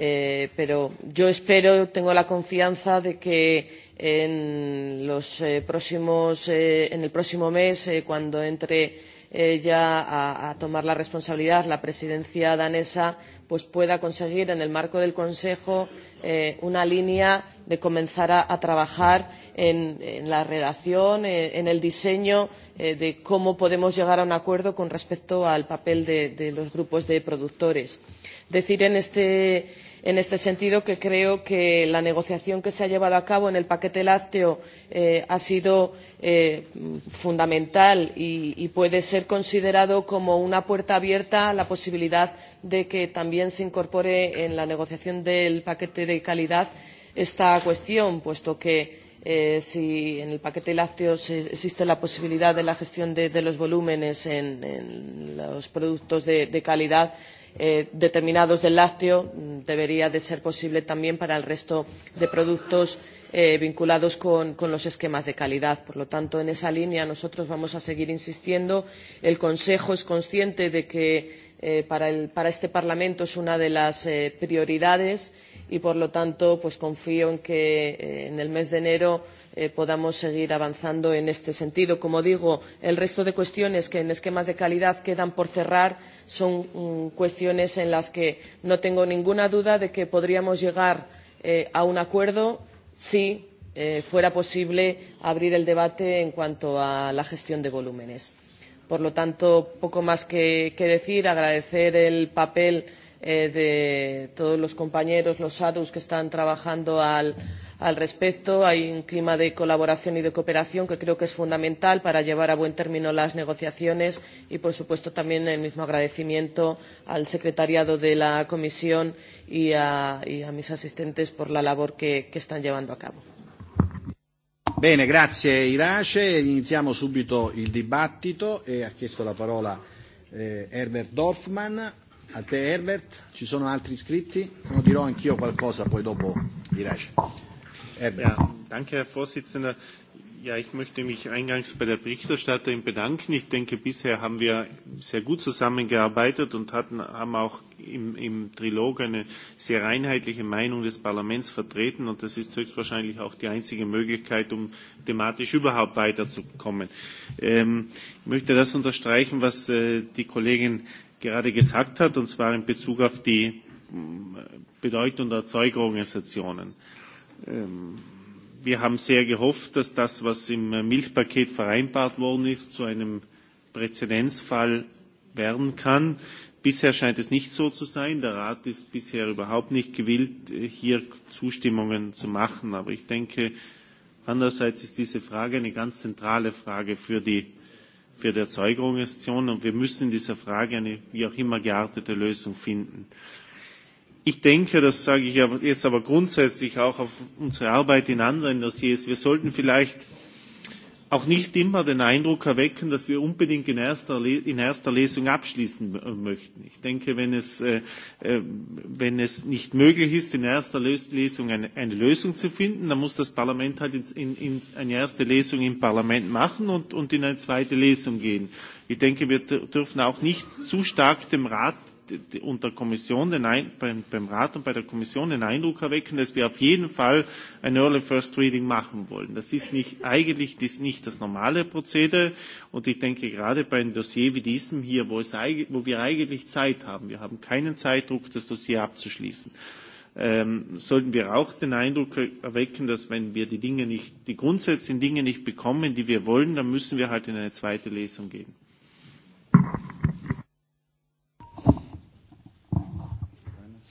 D: Eh, pero yo espero, tengo la confianza de que en, los, eh, próximos, eh, en el próximo mes, cuando entre ya a, tomar la responsabilidad la presidencia danesa, pues pueda conseguir en el marco del Consejo una línea de comenzar a, trabajar en, la redacción, en el diseño de cómo podemos llegar a un acuerdo con respecto al papel de, de los grupos de productores. Decir en este en este sentido que creo que la negociación que se ha llevado a cabo en el paquete lácteo eh, ha sido eh, fundamental y, puede ser considerada como una puerta abierta a la posibilidad de que también se incorpore en la negociación del paquete de calidad esta cuestión puesto que eh, si en el paquete lácteo existe la posibilidad de la gestión de, los volúmenes en, los productos de, calidad eh, Eh, determinados del lácteo mm, debería ser posible también para el resto de productos eh, vinculados con, los esquemas de calidad. Por lo tanto, en esa línea nosotros vamos a seguir insistiendo. El Consejo es consciente de que eh, para, este Parlamento es una de las prioridades y y por lo tanto pues confío en que eh, en el mes de enero eh, podamos seguir avanzando en este sentido. Como digo, el resto de cuestiones que en esquemas de calidad quedan por cerrar son mm, cuestiones en las que no tengo ninguna duda de que podríamos llegar eh, a un acuerdo si fuera posible abrir el debate en cuanto a la gestión de volúmenes. Por lo tanto, poco más que, decir, agradecer el papel Eh, de todos los compañeros, los shadows que están trabajando al, respecto. Hay un clima de colaboración y de cooperación que creo que es fundamental para llevar a buen término las negociaciones y, por supuesto, también el mismo agradecimiento a la secretaría de la comisión y a, mis asistentes por la labor que, que están llevando a cabo.
A: Bene, grazie Irace. Iniziamo subito il dibattito e ha chiesto la parola eh, Herbert Dorfman a te Herbert, ci sono altri iscritti? Non dirò anch'io qualcosa, poi dopo
E: direi. Herbert. Ja, danke, Herr Vorsitzender. Ja, ich möchte mich eingangs bei der Berichterstatterin bedanken. Ich denke, bisher haben wir sehr gut zusammengearbeitet und hatten, haben auch im, im Trilog eine sehr einheitliche Meinung des Parlaments vertreten. Und das ist höchstwahrscheinlich auch die einzige Möglichkeit, um thematisch überhaupt weiterzukommen. Ähm, ich möchte das unterstreichen, was äh, die Kollegin gerade gesagt hat, und zwar in Bezug auf die hm, Bedeutung der Erzeugerorganisationen. Ähm, wir haben sehr gehofft, dass das, was im Milchpaket vereinbart worden ist, zu einem Präzedenzfall werden kann. Bisher scheint es nicht so zu sein. Der Rat ist bisher überhaupt nicht gewillt, hier Zustimmungen zu machen. Aber ich denke, andererseits ist diese Frage eine ganz zentrale Frage für die für die Erzeugerorganisation und wir müssen in dieser Frage eine wie auch immer geartete Lösung finden. Ich denke, das sage ich jetzt aber grundsätzlich auch auf unsere Arbeit in anderen Dossiers, wir sollten vielleicht auch nicht immer den Eindruck erwecken, dass wir unbedingt in erster, in erster Lesung abschließen möchten. Ich denke, wenn es, äh, äh, wenn es nicht möglich ist, in erster Lesung eine, eine Lösung zu finden, dann muss das Parlament halt in, in, in eine erste Lesung im Parlament machen und, und in eine zweite Lesung gehen. Ich denke, wir dürfen auch nicht zu stark dem Rat unter Kommission den Ein beim, beim Rat und bei der Kommission den Eindruck erwecken, dass wir auf jeden Fall ein Early First Reading machen wollen. Das ist nicht eigentlich das ist nicht das normale Prozedere und ich denke gerade bei einem Dossier wie diesem hier, wo, es, wo wir eigentlich Zeit haben, wir haben keinen Zeitdruck, das Dossier abzuschließen ähm, sollten wir auch den Eindruck er-, erwecken, dass wenn wir die Dinge nicht, die grundsätzlichen Dinge nicht bekommen, die wir wollen, dann müssen wir halt in eine zweite Lesung gehen.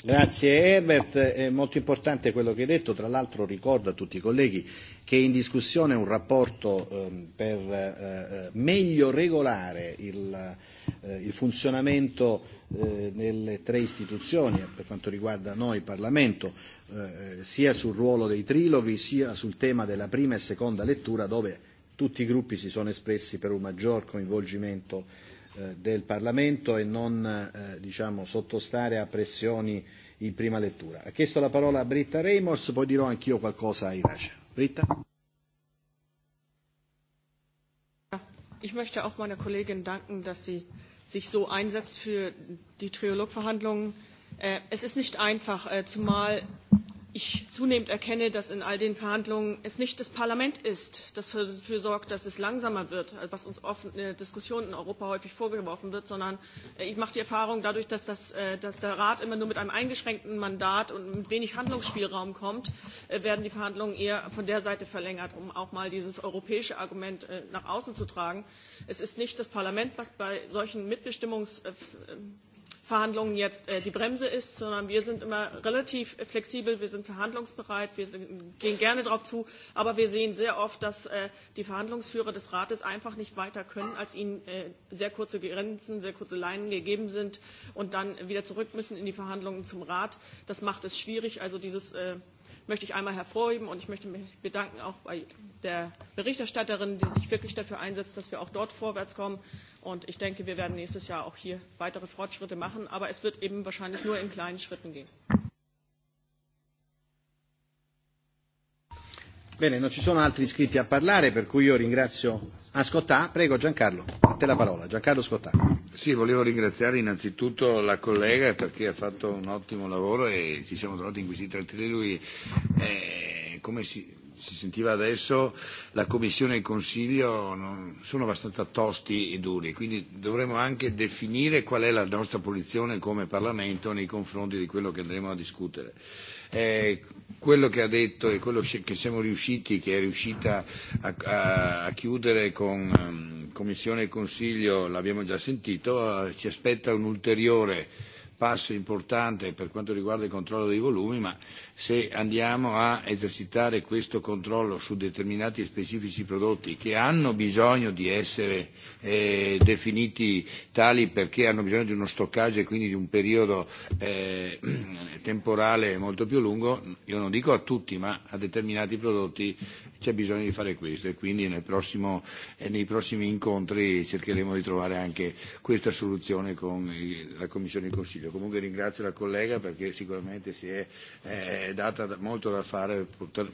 A: Grazie Herbert, è molto importante quello che hai detto, tra l'altro ricordo a tutti i colleghi che è in discussione un rapporto ehm, per eh, eh meglio regolare il, eh, il funzionamento eh, tre istituzioni, eh, per quanto riguarda noi Parlamento, eh, sia sul ruolo dei triloghi sia sul tema della prima e seconda lettura dove tutti i gruppi si sono espressi per un maggior coinvolgimento Eh, del Parlamento e non eh, diciamo, sottostare a pressioni in prima lettura. Ha chiesto la parola a Britta Reimors, poi dirò anch'io qualcosa a Irace. Britta?
H: Ich möchte auch meiner Kollegin danken, dass sie sich so einsetzt für die Trilogverhandlungen. Äh, es ist nicht einfach, äh, zumal ich zunehmend erkenne, dass in all den Verhandlungen es nicht das Parlament ist, das dafür sorgt, dass es langsamer wird, was uns offen in der Diskussion in Europa häufig vorgeworfen wird, sondern äh, ich mache die Erfahrung dadurch, dass, das, äh, dass der Rat immer nur mit einem eingeschränkten Mandat und mit wenig Handlungsspielraum kommt, äh, werden die Verhandlungen eher von der Seite verlängert, um auch mal dieses europäische Argument nach außen zu tragen. Es ist nicht das Parlament, was bei solchen Mitbestimmungs Verhandlungen jetzt äh, die Bremse ist, sondern wir sind immer relativ flexibel, wir sind verhandlungsbereit, wir sind, gehen gerne darauf zu, aber wir sehen sehr oft, dass äh, die Verhandlungsführer des Rates einfach nicht weiter können, als ihnen äh, sehr kurze Grenzen, sehr kurze Leinen gegeben sind und dann wieder zurück müssen in die Verhandlungen zum Rat. Das macht es schwierig. Also dieses äh, möchte ich einmal hervorheben und ich möchte mich bedanken auch bei der Berichterstatterin, die sich wirklich dafür einsetzt, dass wir auch dort vorwärts kommen. Und ich denke, wir werden nächstes Jahr auch hier weitere Fortschritte machen. Aber es wird eben wahrscheinlich nur in kleinen Schritten gehen.
A: Bene, non ci sono altri iscritti a parlare, per cui io ringrazio a Prego Giancarlo, a te la parola. Giancarlo Scottà.
C: Sì, volevo ringraziare innanzitutto la collega perché ha fatto un ottimo lavoro e ci siamo trovati in questi tratti di lui. Eh, come si, si sentiva adesso, la Commissione e il Consiglio non, sono abbastanza tosti e duri, quindi dovremo anche definire qual è la nostra posizione come Parlamento nei confronti di quello che andremo a discutere. Eh, quello che ha detto e quello che siamo riusciti, che è riuscita a, a, a chiudere con um, Commissione e Consiglio, l'abbiamo già sentito, uh, ci aspetta un ulteriore passo importante per quanto riguarda il controllo dei volumi, ma se andiamo a esercitare questo controllo su determinati specifici prodotti che hanno bisogno di essere eh, definiti tali perché hanno bisogno di uno stoccaggio e quindi di un periodo eh, [CLEARS THROAT] temporale molto più lungo, io non dico a tutti, ma a determinati prodotti c'è bisogno di fare questo e quindi nel prossimo, eh, nei prossimi incontri cercheremo di trovare anche questa soluzione con la Commissione e il Consiglio. Comunque ringrazio la collega perché sicuramente si è eh, è data da molto da fare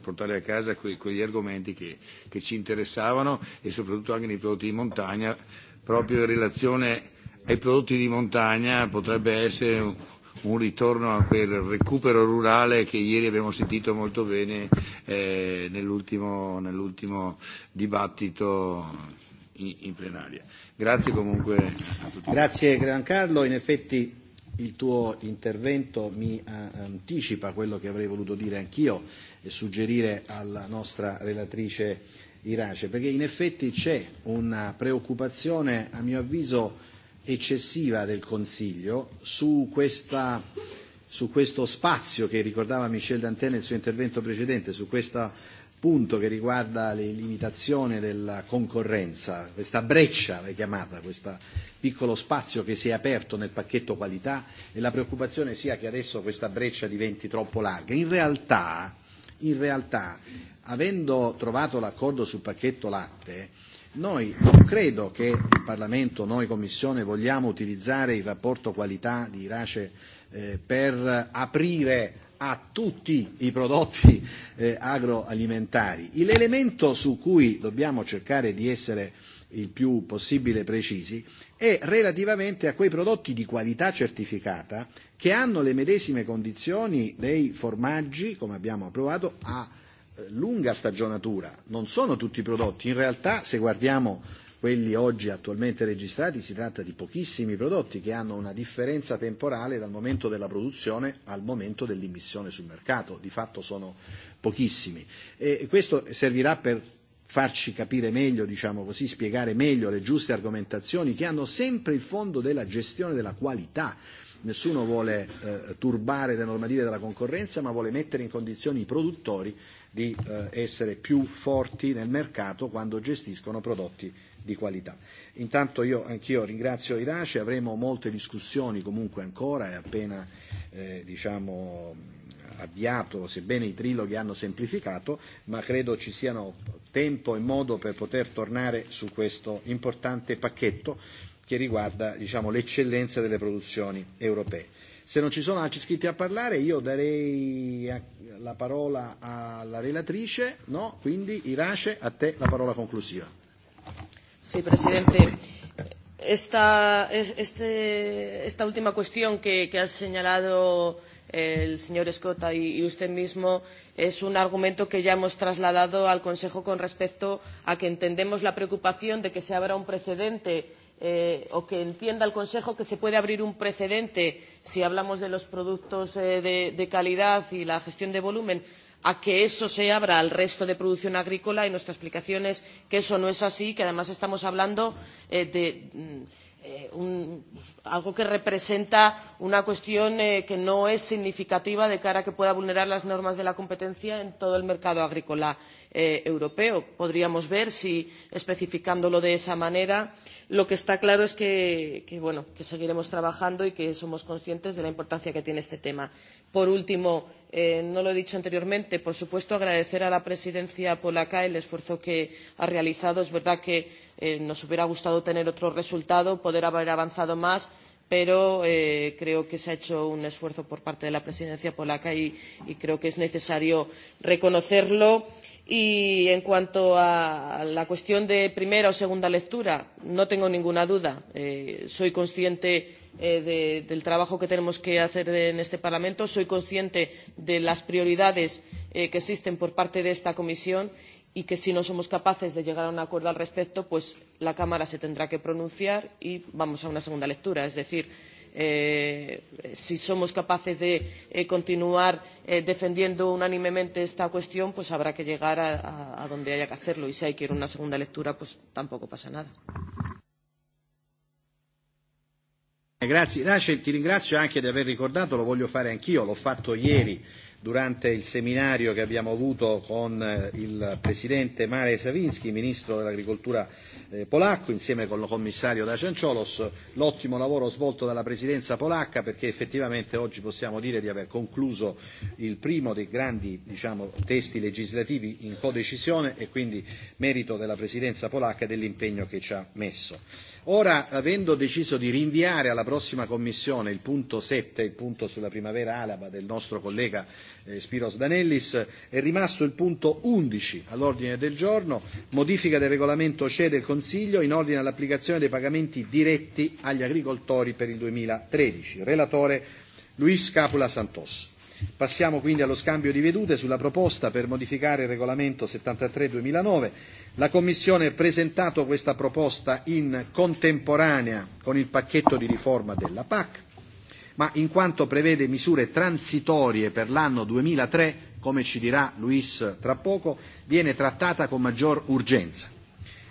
C: portare, a casa que, quegli argomenti che, che ci interessavano e soprattutto anche nei prodotti di montagna, proprio in relazione ai prodotti di montagna potrebbe essere un, un ritorno a quel recupero rurale che ieri abbiamo sentito molto bene eh, nell'ultimo, nell'ultimo dibattito in, in plenaria. Grazie comunque a tutti. Grazie
A: Gran Carlo.
C: in effetti
A: il tuo intervento mi eh, anticipa quello che avrei voluto dire anch'io e suggerire alla nostra relatrice Irace, perché in effetti c'è una preoccupazione, a mio avviso, eccessiva del Consiglio su, questa, su questo spazio che ricordava Michel Dantè nel suo intervento precedente, su questa punto che riguarda le limitazioni della concorrenza, questa breccia l'hai chiamata, questo piccolo spazio che si è aperto nel pacchetto qualità e la preoccupazione sia che adesso questa breccia diventi troppo larga. In realtà, in realtà avendo trovato l'accordo sul pacchetto
C: latte,
A: noi non credo che il Parlamento, noi Commissione, vogliamo utilizzare il rapporto qualità di Irace eh, per aprire a tutti i prodotti eh, agroalimentari. L'elemento su cui dobbiamo cercare di essere il più possibile precisi è relativamente a quei prodotti di qualità certificata che hanno le medesime condizioni dei formaggi, come abbiamo approvato, a eh, lunga stagionatura. Non sono tutti i prodotti, in realtà se guardiamo quelli oggi attualmente registrati si tratta di pochissimi prodotti che hanno una differenza temporale dal momento della produzione al momento dell'immissione sul mercato, di fatto sono pochissimi. E questo servirà per farci capire meglio, diciamo così, spiegare meglio le giuste argomentazioni che hanno sempre il fondo della gestione della qualità. Nessuno vuole eh, turbare le normative della concorrenza, ma vuole mettere in condizioni i produttori di eh, essere più forti nel mercato quando gestiscono prodotti di qualità. Intanto io anch'io ringrazio Irace, avremo molte discussioni comunque ancora, è appena eh, diciamo, avviato, sebbene i triloghi hanno semplificato, ma credo ci siano tempo e modo per poter tornare su questo importante pacchetto che riguarda diciamo, l'eccellenza delle produzioni europee. Se non ci sono altri iscritti a parlare io darei la parola alla relatrice, no? quindi Irace a te la parola conclusiva.
D: Sí, presidente. Esta, este, esta última cuestión que, que ha señalado eh, el señor Escota y, y usted mismo es un argumento que ya hemos trasladado al Consejo con respecto a que entendemos la preocupación de que se abra un precedente eh, o que entienda el Consejo que se puede abrir un precedente si hablamos de los productos eh, de, de calidad y la gestión de volumen a que eso se abra al resto de producción agrícola y nuestra explicación es que eso no es así, que además estamos hablando eh, de mm, eh, un, algo que representa una cuestión eh, que no es significativa de cara a que pueda vulnerar las normas de la competencia en todo el mercado agrícola europeo. Podríamos ver si especificándolo de esa manera, lo que está claro es que, que, bueno, que seguiremos trabajando y que somos conscientes de la importancia que tiene este tema. Por último, Eh, no lo he dicho anteriormente por supuesto agradecer a la presidencia polaca el esfuerzo que ha realizado. es verdad que eh, nos hubiera gustado tener otro resultado poder haber avanzado más pero eh, creo que se ha hecho un esfuerzo por parte de la presidencia polaca y, creo que es necesario reconocerlo. Y en cuanto a la cuestión de primera o segunda lectura, no tengo ninguna duda. Eh, soy consciente eh, de, del trabajo que tenemos que hacer en este Parlamento, soy consciente de las prioridades eh, que existen por parte de esta comisión y que si no somos capaces de llegar a un acuerdo al respecto, pues la Cámara se tendrá que pronunciar y vamos a una segunda lectura. Es decir, eh, Eh, si somos capaces de eh, continuar eh, defendiendo unánimemente esta cuestión, pues habrá que llegar a, a donde haya que hacerlo. Y si hay que ir a una segunda lectura, pues tampoco pasa nada.
A: Grazie, Rachel, ti ringrazio anche di aver ricordato, lo voglio fare anch'io, l'ho fatto ieri durante il seminario che abbiamo avuto con eh, il Presidente Marek Savinski, Ministro dell'Agricoltura eh, polacco, insieme con il Commissario Dacian Ciolos, l'ottimo lavoro svolto dalla Presidenza polacca perché effettivamente oggi possiamo dire di aver concluso il primo dei grandi diciamo, testi legislativi in codecisione e quindi merito della Presidenza polacca e dell'impegno che ci ha messo. Ora, avendo deciso di rinviare alla prossima Commissione il punto 7, il punto sulla primavera alaba del nostro collega eh, Spiros Danellis, è rimasto il punto 11 all'ordine del giorno, modifica del regolamento CE del Consiglio in ordine all'applicazione dei pagamenti diretti agli agricoltori per il 2013. Relatore Luis Capula Santos. Passiamo quindi allo scambio di vedute sulla proposta per modificare il regolamento 73-2009. La Commissione ha presentato questa proposta in contemporanea con il pacchetto di riforma della PAC, ma in quanto prevede misure transitorie per l'anno 2003, come ci dirà Luis tra poco, viene trattata con maggior urgenza.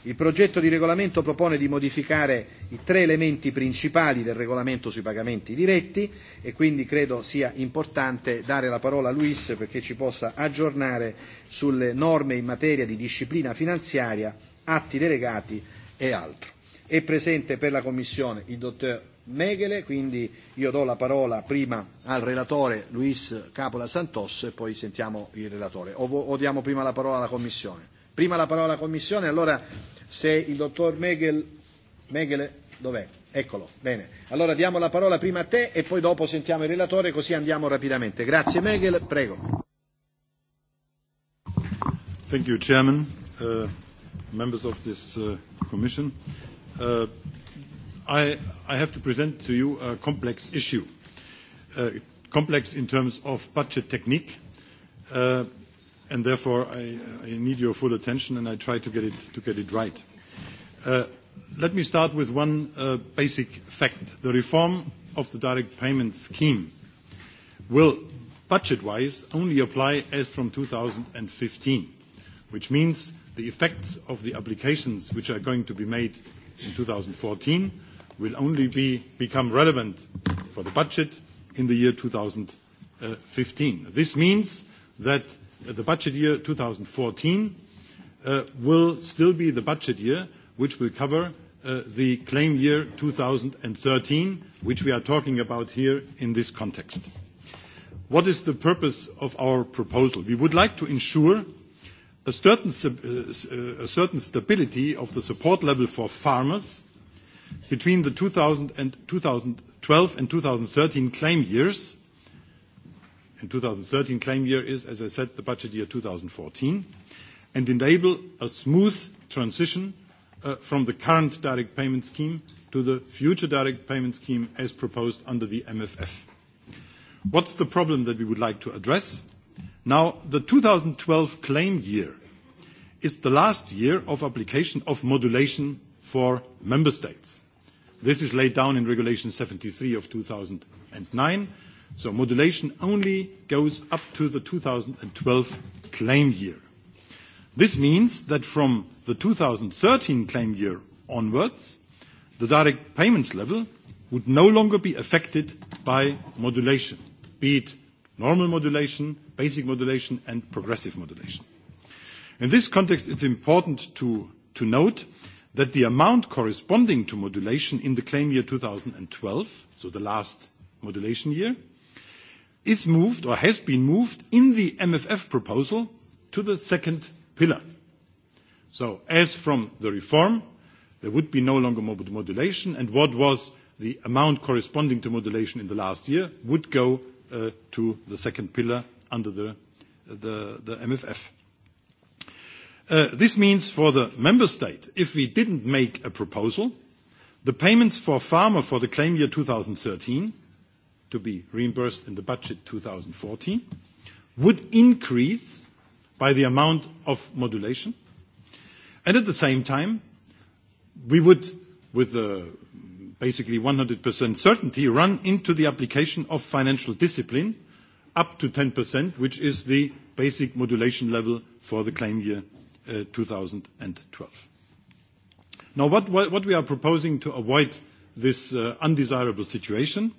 A: Il progetto di regolamento propone di modificare i tre elementi principali del regolamento sui pagamenti diretti e quindi credo sia importante dare la parola a Luis perché ci possa aggiornare sulle norme in materia di disciplina finanziaria, atti delegati e altro. È presente per la Commissione il dottor Megele, quindi io do la parola prima al relatore Luis Capola Santos e poi sentiamo il relatore. O, o diamo prima la parola alla Commissione? Prima la parola alla Commissione, allora se il dottor Megel, Megel dov'è? Eccolo, bene. Allora diamo la parola prima a te e poi dopo sentiamo il relatore così andiamo rapidamente. Grazie Megel, prego.
R: Thank you, Chairman, uh, members of this uh, Commission. Uh, I, I have to present to you a complex issue, uh, complex in terms of budget technique, uh, and therefore I, I need your full attention, and I try to get it, to get it right. Uh, let me start with one uh, basic fact. The reform of the direct payment scheme will, budget-wise, only apply as from 2015, which means the effects of the applications which are going to be made in 2014 will only be, become relevant for the budget in the year 2015. This means that Uh, the budget year 2014 uh, will still be the budget year which will cover uh, the claim year 2013, which we are talking about here in this context. What is the purpose of our proposal? We would like to ensure a certain, uh, uh, a certain stability of the support level for farmers between the 2000 and 2012 and 2013 claim years, and 2013 claim year is, as I said, the budget year 2014, and enable a smooth transition uh, from the current direct payment scheme to the future direct payment scheme as proposed under the MFF. What's the problem that we would like to address? Now, the 2012 claim year is the last year of application of modulation for member states. This is laid down in Regulation 73 of 2009, So modulation only goes up to the 2012 claim year. This means that from the 2013 claim year onwards, the direct payments level would no longer be affected by modulation, be it normal modulation, basic modulation, and progressive modulation. In this context, it's important to, to note that the amount corresponding to modulation in the claim year 2012, so the last modulation year, is moved or has been moved in the MFF proposal to the second pillar. So as from the reform, there would be no longer modulation, and what was the amount corresponding to modulation in the last year would go uh, to the second pillar under the, the, the MFF. Uh, this means for the member state, if we didn't make a proposal, the payments for farmer for the claim year 2013 to be reimbursed in the budget 2014 would increase by the amount of modulation. And at the same time, we would, with basically 100% certainty, run into the application of financial discipline up to 10%, which is the basic modulation level for the claim year uh, 2012. Now, what, what we are proposing to avoid this uh, undesirable situation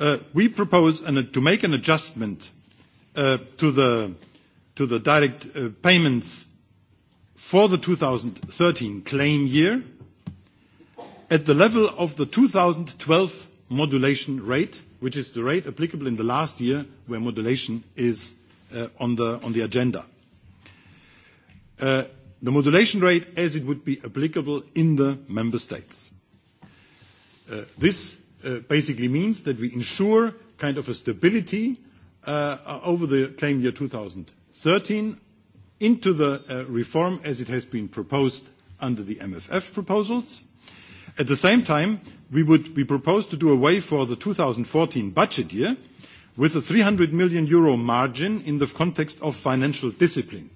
R: Uh, we propose uh, to make an adjustment uh, to, the, direct payments for the 2013 claim year at the level of the 2012 modulation rate, which is the rate applicable in the last year where modulation is on, the, agenda. the modulation rate as it would be applicable in the member states. this Uh, basically means that we ensure kind of a stability uh, over the claim year 2013 into the uh, reform as it has been proposed under the MFF proposals. At the same time, we would to do away for the 2014 budget year with a 300 million euro margin in the context of financial discipline.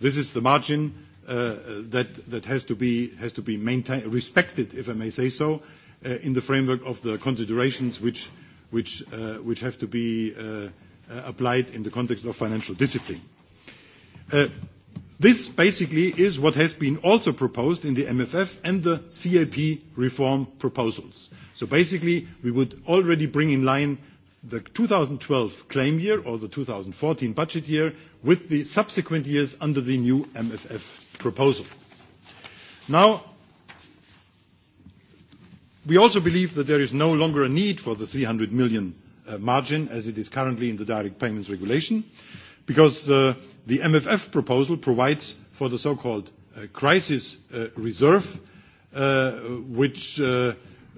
R: This is the margin that, that has to be, has to be respected, if I may say so, Uh, in the framework of the considerations which, uh, have to be uh, applied in the context of financial discipline. this basically is what has been also proposed in the MFF and the CAP reform proposals. So basically, we would already bring in line the 2012 claim year or the 2014 budget year with the subsequent years under the new MFF proposal. Now, We also believe that there is no longer a need for the 300 million uh, margin as it is currently in the direct payments regulation because uh, the MFF proposal provides for the so-called uh, crisis reserve which,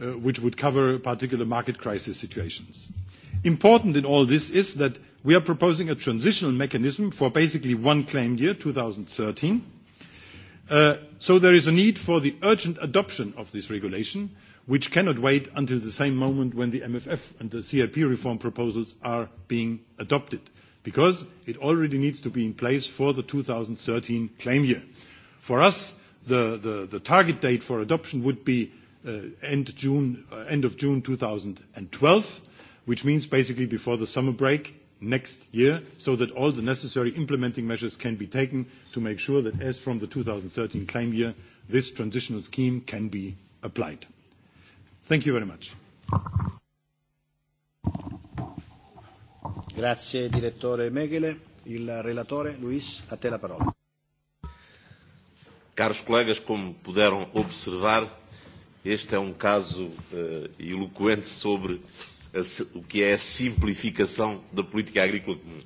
R: which would cover particular market crisis situations. Important in all this is that we are proposing a transitional mechanism for basically one claim year, 2013. So there is a need for the urgent adoption of this regulation which cannot wait until the same moment when the MFF and the CIP reform proposals are being adopted, because it already needs to be in place for the 2013 claim year. For us, the, the, the target date for adoption would be uh, end, June, uh, end of June 2012, which means basically before the summer break, next year so that all the necessary implementing measures can be taken to make sure that as from the 2013 claim year, this transitional scheme can be applied. Thank you very much. Grazie direttore Megele.
A: Il relatore Luis, a te la parola.
L: Caros colegas, como puderam observar, este é um caso uh, eloquente sobre a, o que é a simplificação da política agrícola comum.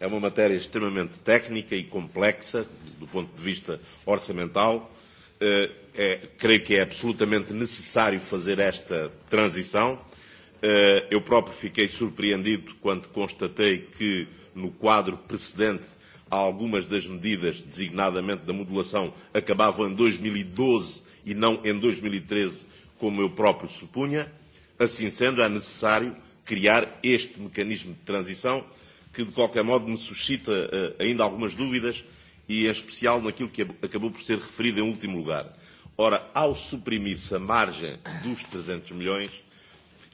L: É uma matéria extremamente técnica e complexa do ponto de vista orçamental, uh, é, eh, eh, creio que é absolutamente necessário fazer esta transição. Eh, eu próprio fiquei surpreendido quando constatei que, no quadro precedente, algumas das medidas, designadamente da modulação, acabavam em 2012 e não em 2013, como eu próprio supunha. Assim sendo, é necessário criar este mecanismo de transição, que, de qualquer modo, me suscita ainda algumas dúvidas e é especial naquilo que acabou por ser referido em último lugar. Ora, ao suprimir-se a margem dos 300 milhões,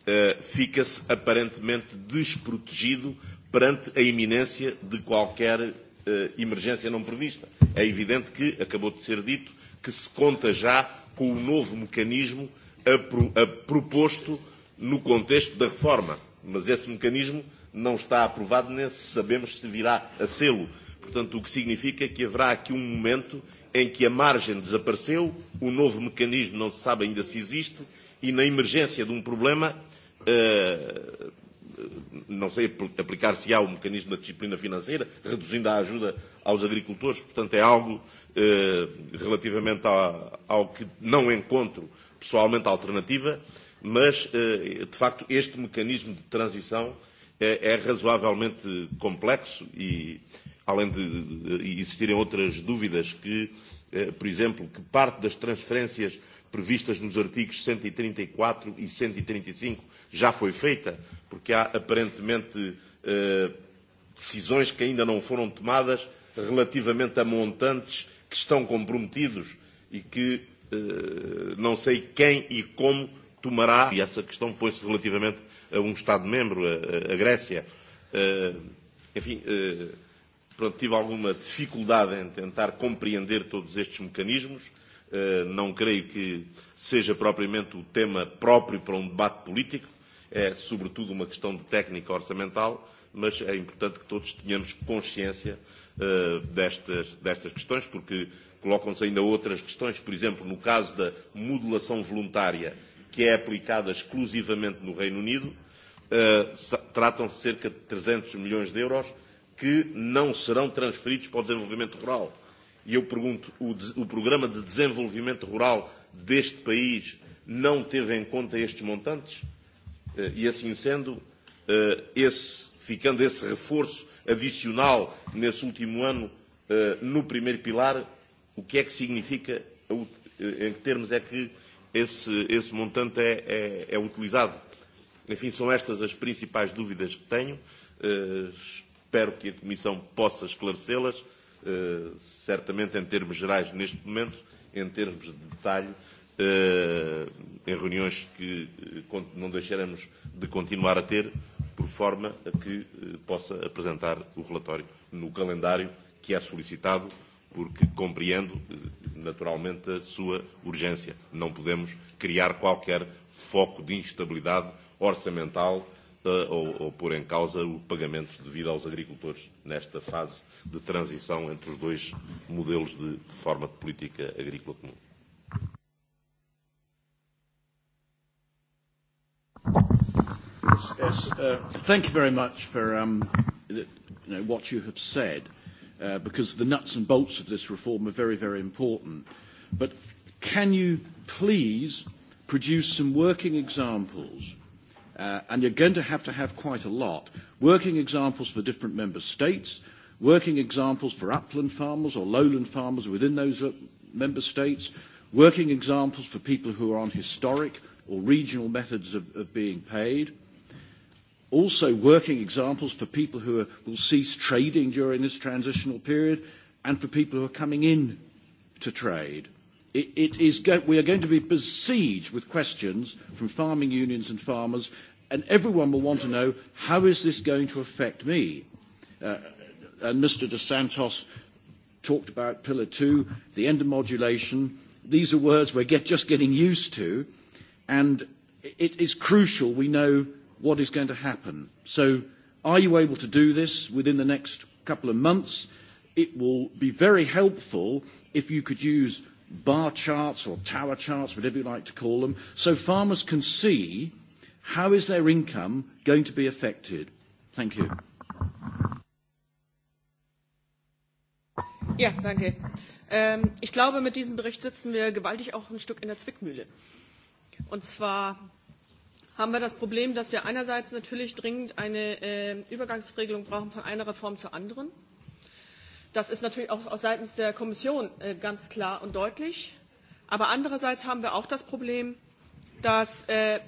L: eh, fica-se aparentemente desprotegido perante a iminência de qualquer eh, emergência não prevista. É evidente que, acabou de ser dito, que se conta já com o novo mecanismo a pro, a proposto no contexto da reforma. Mas esse mecanismo não está aprovado, nem sabemos se virá a sê-lo. Portanto, o que significa que haverá aqui um momento em que a margem desapareceu, o um novo mecanismo não se sabe ainda se existe, e na emergência de um problema, uh, não sei, aplicar-se-á o um mecanismo da disciplina financeira, reduzindo a ajuda aos agricultores, portanto é algo eh, relativamente ao que não encontro pessoalmente alternativa, mas eh, de facto este mecanismo de transição é, é razoavelmente complexo e, além de existirem outras dúvidas que, por exemplo, que parte das transferências previstas nos artigos 134 e 135 já foi feita, porque há aparentemente decisões que ainda não foram tomadas relativamente a montantes que estão comprometidos e que não sei quem e como tomará. E essa questão põe-se relativamente Eh, eh, eh, a um Estado-membro, a, a Grécia. Uh, enfim, uh, pronto, tive alguma dificuldade em tentar compreender todos estes mecanismos. Uh, não creio que seja propriamente o tema próprio para um debate político. É, sobretudo, uma questão de técnica orçamental, mas é importante que todos tenhamos consciência uh, destas, destas questões, porque colocam-se ainda outras questões, por exemplo, no caso da modulação voluntária que é aplicada exclusivamente no Reino Unido, uh, tratam-se de cerca de 300 milhões de euros que não serão transferidos para o desenvolvimento rural. E eu pergunto, o, o programa de desenvolvimento rural deste país não teve em conta estes montantes? Uh, e assim sendo, uh, esse, ficando esse reforço adicional nesse último ano uh, no primeiro pilar, o que é que significa, em que termos é que esse, esse montante é, é, é utilizado. Enfim, são estas as principais dúvidas que tenho. Uh, espero que a Comissão possa esclarecê-las, uh, certamente em termos gerais neste momento, em termos de detalhe, uh, em reuniões que não deixaremos de continuar a ter, por forma a que possa apresentar o relatório no calendário que é solicitado porque compreendo eh, naturalmente a sua urgência. Não podemos criar qualquer foco de instabilidade orçamental uh, ou, ou pôr em causa o pagamento devido aos agricultores nesta fase de transição entre os dois modelos de, de forma de política agrícola comum.
Q: Yes, yes. Uh, thank you very much for um, you know, what you have said. Uh, because the nuts and bolts of this reform are very, very important. But can you please produce some working examples? Uh, and you're going to have to have quite a lot. Working examples for different member states, working examples for upland farmers or lowland farmers within those uh, member states, working examples for people who are on historic or regional methods of, of being paid also working examples for people who are, will cease trading during this transitional period and for people who are coming in to trade. It, it is go- we are going to be besieged with questions from farming unions and farmers, and everyone will want to know how is this going to affect me? Uh, and Mr. De Santos talked about Pillar Two, the end of modulation. These are words we're get, just getting used to, and it is crucial we know what is going to happen. So are you able to do this within the next couple of months? It will be very helpful if you could use bar charts or tower charts, whatever you like to call them, so farmers can see how is their income going to be affected. Thank you.
H: Ja, danke. Ähm, ich glaube, mit diesem Bericht sitzen wir gewaltig auch ein Stück in der Zwickmühle. Und zwar haben wir das Problem, dass wir einerseits natürlich dringend eine äh, Übergangsregelung brauchen von einer Reform zur anderen. Das ist natürlich auch, auch seitens der Kommission äh, ganz klar und deutlich. Aber andererseits haben wir auch das Problem, dass äh,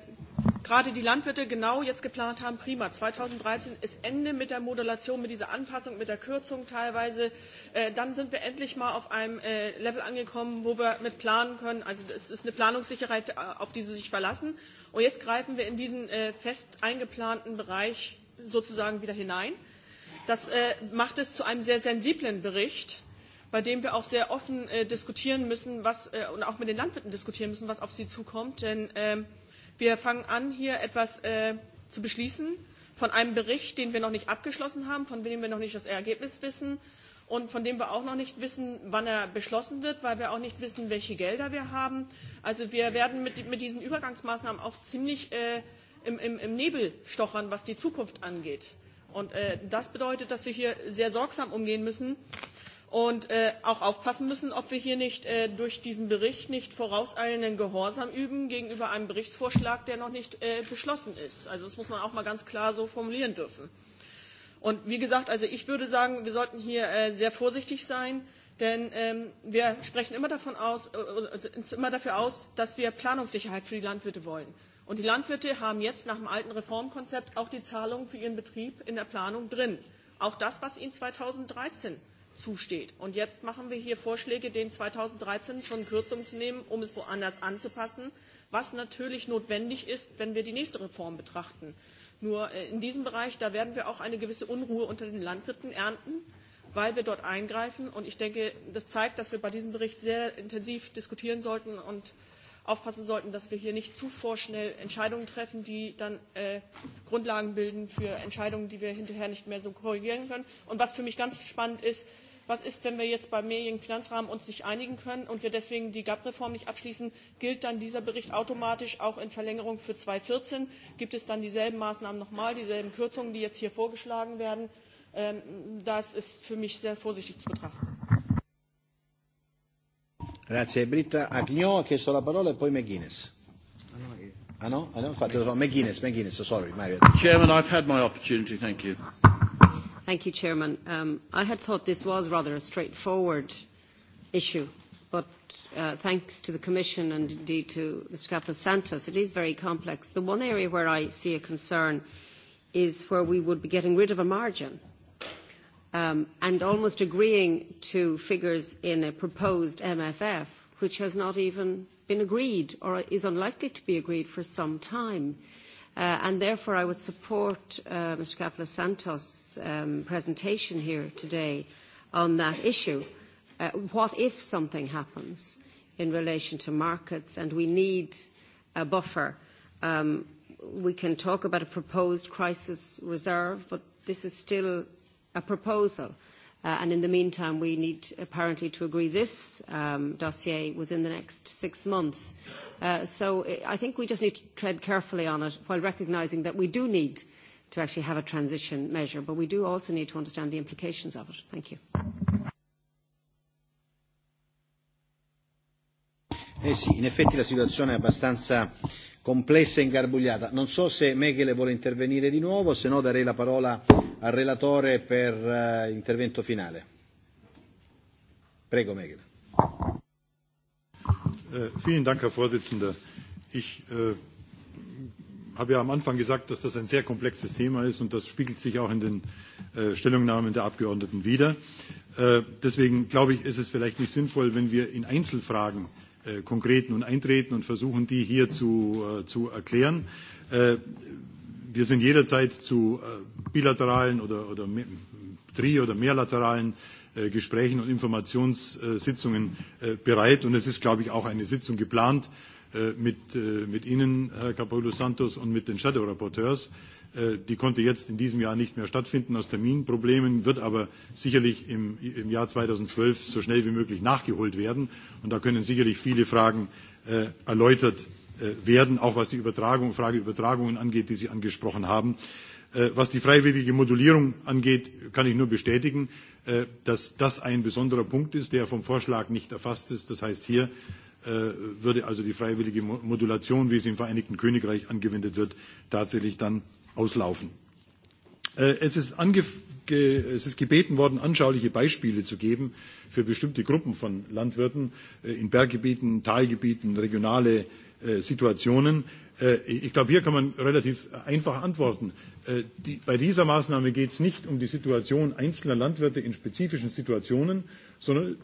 H: gerade die Landwirte genau jetzt geplant haben, prima, 2013 ist Ende mit der Modulation, mit dieser Anpassung, mit der Kürzung teilweise. Äh, dann sind wir endlich mal auf einem äh, Level angekommen, wo wir mit planen können. Also es ist eine Planungssicherheit, äh, auf die sie sich verlassen. Und jetzt greifen wir in diesen äh, fest eingeplanten Bereich sozusagen wieder hinein. Das äh, macht es zu einem sehr sensiblen Bericht, bei dem wir auch sehr offen äh, diskutieren müssen was, äh, und auch mit den Landwirten diskutieren müssen, was auf sie zukommt. Denn äh, wir fangen an, hier etwas äh, zu beschließen von einem Bericht, den wir noch nicht abgeschlossen haben, von dem wir noch nicht das Ergebnis wissen, und von dem wir auch noch nicht wissen, wann er beschlossen wird, weil wir auch nicht wissen, welche Gelder wir haben. Also wir werden mit, mit diesen Übergangsmaßnahmen auch ziemlich äh, im, im, im Nebel stochern, was die Zukunft angeht. Und äh, das bedeutet, dass wir hier sehr sorgsam umgehen müssen und äh, auch aufpassen müssen, ob wir hier nicht äh, durch diesen Bericht nicht vorauseilenden Gehorsam üben gegenüber einem Berichtsvorschlag, der noch nicht äh, beschlossen ist. Also das muss man auch mal ganz klar so formulieren dürfen. Und wie gesagt, also ich würde sagen, wir sollten hier äh, sehr vorsichtig sein, denn ähm, wir sprechen immer davon aus, äh, äh, uns immer dafür aus, dass wir Planungssicherheit für die Landwirte wollen. Und die Landwirte haben jetzt nach dem alten Reformkonzept auch die Zahlungen für ihren Betrieb in der Planung drin. Auch das, was ihnen 2013 zusteht. Und jetzt machen wir hier Vorschläge, den 2013 schon Kürzungen zu nehmen, um es woanders anzupassen, was natürlich notwendig ist, wenn wir die nächste Reform betrachten. Nur äh, in diesem Bereich, da werden wir auch eine gewisse Unruhe unter den Landwirten ernten, weil wir dort eingreifen. Und ich denke, das zeigt, dass wir bei diesem Bericht sehr intensiv diskutieren sollten und aufpassen sollten, dass wir hier nicht zu vorschnell Entscheidungen treffen, die dann äh, Grundlagen bilden für Entscheidungen, die wir hinterher nicht mehr so korrigieren können. Und was für mich ganz spannend ist, was ist, wenn wir jetzt beim mehrjährigen Finanzrahmen uns nicht einigen können und wir deswegen die GAP-Reform nicht abschließen, gilt dann dieser Bericht automatisch auch in Verlängerung für 2014? Gibt es dann dieselben Maßnahmen nochmal, dieselben Kürzungen, die jetzt hier vorgeschlagen werden? Ähm, das ist für mich sehr vorsichtig zu betrachten.
A: Grazie. Britta Agnò ha chiesto la parola e poi McGuinness. Ah no? Ah no, McGuinness, McGuinness, sorry,
B: Mario.
Q: Chairman, I've had my opportunity, thank you.
B: Thank you, Chairman. Um, I had thought this was rather a straightforward issue, but uh, thanks to the Commission and indeed to Mr. Capos-Santos, it is very complex. The one area where I see a concern is where we would be getting rid of a margin um, and almost agreeing to figures in a proposed MFF, which has not even been agreed or is unlikely to be agreed for some time. Uh, and therefore, I would support uh, Mr. Capoulas Santos' um, presentation here today on that issue. Uh, what if something happens in relation to markets and we need a buffer? Um, we can talk about a proposed crisis reserve, but this is still a proposal Uh, and in the meantime, we need apparently to agree this um, dossier within the next six months. Uh, so I think we just need to tread carefully on it while recognising that we do need to actually have a transition measure, but we do also need to understand the implications of it. Thank you.
A: Eh sì, in effetti la situazione è abbastanza complessa e ingarbugliata. Non so se Mechele vuole intervenire di nuovo, se no darei la parola al relatore per uh, intervento
R: finale. Prego Mechele. Uh, vielen Dank, Herr Vorsitzender. Ich uh, habe ja am Anfang gesagt, dass das ein sehr komplexes Thema ist und das spiegelt sich auch in den äh, Stellungnahmen der Abgeordneten wider. Äh, deswegen glaube ich, ist es vielleicht nicht sinnvoll, wenn wir in Einzelfragen äh, Äh, konkret nun eintreten und versuchen, die hier zu, äh, zu erklären. Äh, Wir sind jederzeit zu äh, bilateralen oder, oder tri- oder mehrlateralen äh, Gesprächen und Informationssitzungen äh, bereit. Und es ist, glaube ich, auch eine Sitzung geplant, Äh, Äh, mit, äh, mit Ihnen, Herr Capoulos Santos, und mit den Shadow Rapporteurs. Äh, die konnte jetzt in diesem Jahr nicht mehr stattfinden aus Terminproblemen, wird aber sicherlich im, im Jahr 2012 so schnell wie möglich nachgeholt werden. Und da können sicherlich viele Fragen äh, erläutert äh, werden, auch was die Übertragung, Frage Übertragungen angeht, die Sie angesprochen haben. Äh, was die freiwillige Modulierung angeht, kann ich nur bestätigen, äh, dass das ein besonderer Punkt ist, der vom Vorschlag nicht erfasst ist. Das heißt, hier Äh, würde also die freiwillige Modulation, wie sie im Vereinigten Königreich angewendet wird, tatsächlich dann auslaufen. Äh, es ist, es ist gebeten worden, anschauliche Beispiele zu geben für bestimmte Gruppen von Landwirten äh, in Berggebieten, Talgebieten, regionale Situationen. Ich glaube, hier kann man relativ einfach antworten. bei dieser Maßnahme geht es nicht um die Situation einzelner Landwirte in spezifischen Situationen, sondern,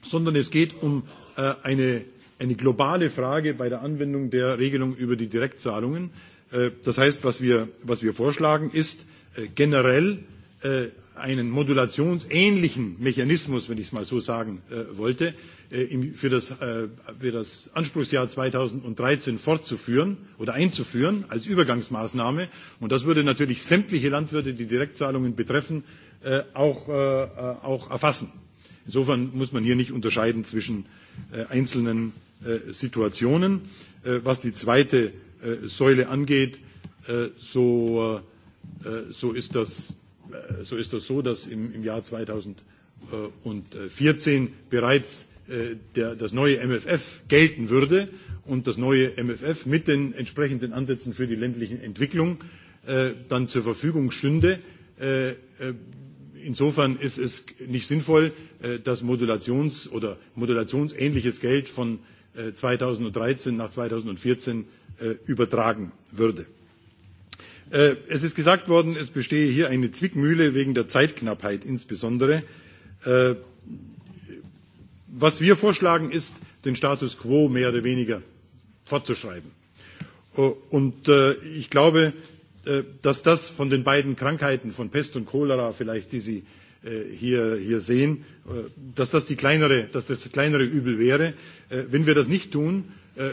R: sondern es geht um eine eine globale Frage bei der Anwendung der Regelung über die Direktzahlungen. Äh, das heißt, was wir, was wir vorschlagen, ist äh, generell äh, einen modulationsähnlichen Mechanismus, wenn ich es mal so sagen wollte, für, das, für das Anspruchsjahr 2013 fortzuführen oder einzuführen als Übergangsmaßnahme. Und das würde natürlich sämtliche Landwirte, die Direktzahlungen betreffen, auch, auch erfassen. Insofern muss man hier nicht unterscheiden zwischen äh, einzelnen äh, Situationen. Äh, was die zweite Säule angeht, so, so, ist, das, so ist das so, dass im, im Jahr 2014 bereits der, das neue MFF gelten würde und das neue MFF mit den entsprechenden Ansätzen für die ländliche Entwicklung äh, dann zur Verfügung stünde, äh, insofern ist es nicht sinnvoll, äh, das Modulations- oder modulationsähnliches Geld von 2013 äh, nach 2014 äh, übertragen würde. Es ist gesagt worden, es bestehe hier eine Zwickmühle wegen der Zeitknappheit insbesondere. Was wir vorschlagen, ist, den Status quo mehr oder weniger fortzuschreiben. Und ich glaube, Äh, dass das von den beiden Krankheiten von Pest und Cholera vielleicht, die Sie äh, hier, hier sehen, äh, dass das, die kleinere, dass das kleinere Übel wäre. Wenn wir das nicht tun,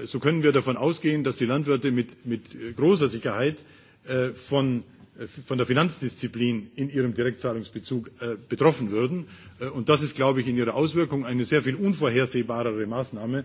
R: so können wir davon ausgehen, dass die Landwirte mit, mit großer Sicherheit von, von der Finanzdisziplin in ihrem Direktzahlungsbezug betroffen würden. Und das ist, glaube ich, in ihrer Auswirkung eine sehr viel unvorhersehbarere Maßnahme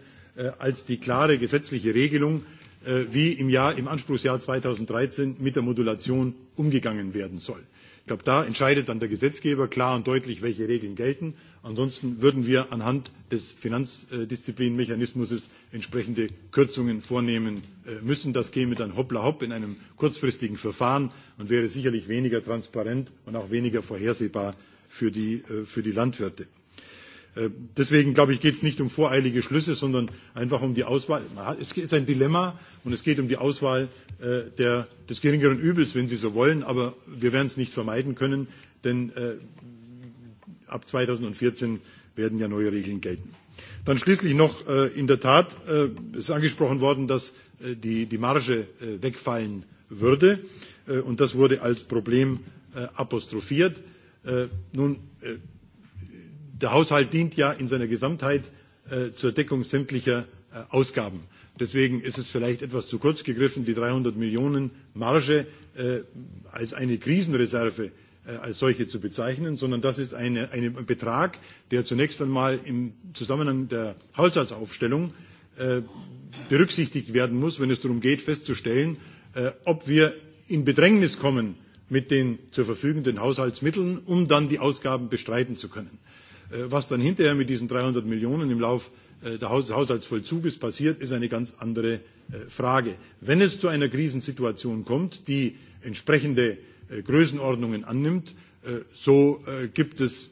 R: als die klare gesetzliche Regelung, Äh, wie im, Jahr, im Anspruchsjahr 2013 mit der Modulation umgegangen werden soll. Ich glaube, da entscheidet dann der Gesetzgeber klar und deutlich, welche Regeln gelten. Ansonsten würden wir anhand des Finanzdisziplinmechanismus entsprechende Kürzungen vornehmen äh, müssen. Das käme dann hoppla hopp in einem kurzfristigen Verfahren und wäre sicherlich weniger transparent und auch weniger vorhersehbar für die, äh, für die Landwirte. Äh, deswegen, glaube ich, geht es nicht um voreilige Schlüsse, sondern einfach um die Auswahl. Es ist ein Dilemma und es geht um die Auswahl äh, der, des geringeren Übels, wenn Sie so wollen. Aber wir werden es nicht vermeiden können, denn äh, ab 2014 werden ja neue Regeln gelten. Dann schließlich noch, äh, in der Tat, äh, ist angesprochen worden, dass äh, die, die Marge äh, wegfallen würde. Äh, und das wurde als Problem äh, apostrophiert. Äh, nun, äh, der Haushalt dient ja in seiner Gesamtheit äh, zur Deckung sämtlicher äh, Ausgaben. Deswegen ist es vielleicht etwas zu kurz gegriffen, die 300 Millionen Marge äh, als eine Krisenreserve äh, als solche zu bezeichnen, sondern das ist eine, ein Betrag, der zunächst einmal im Zusammenhang der Haushaltsaufstellung äh, berücksichtigt werden muss, wenn es darum geht, festzustellen, äh, ob wir in Bedrängnis kommen mit den zur verfügenden Haushaltsmitteln, um dann die Ausgaben bestreiten zu können. Äh, was dann hinterher mit diesen 300 Millionen im Lauf äh, des Haushaltsvollzuges passiert, ist eine ganz andere äh, Frage. Wenn es zu einer Krisensituation kommt, die entsprechende Größenordnungen annimmt, so gibt es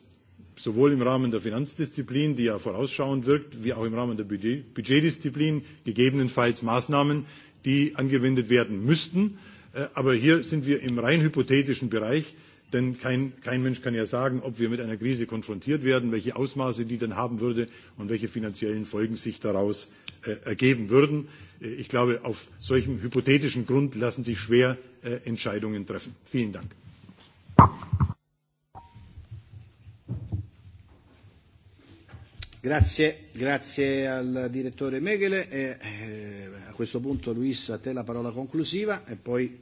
R: sowohl im Rahmen der Finanzdisziplin, die ja vorausschauend wirkt, wie auch im Rahmen der Budgetdisziplin gegebenenfalls Maßnahmen, die angewendet werden müssten. Aber hier sind wir im rein hypothetischen Bereich. Denn kein, kein Mensch kann ja sagen, ob wir mit einer Krise konfrontiert werden, welche Ausmaße die dann haben würde und welche finanziellen Folgen sich daraus äh, ergeben würden. Äh, ich glaube, auf solchem hypothetischen Grund lassen sich schwer äh, Entscheidungen treffen. Vielen Dank.
A: Grazie, grazie al direttore Meghele. E, eh, a questo punto Luis, a te la parola conclusiva e poi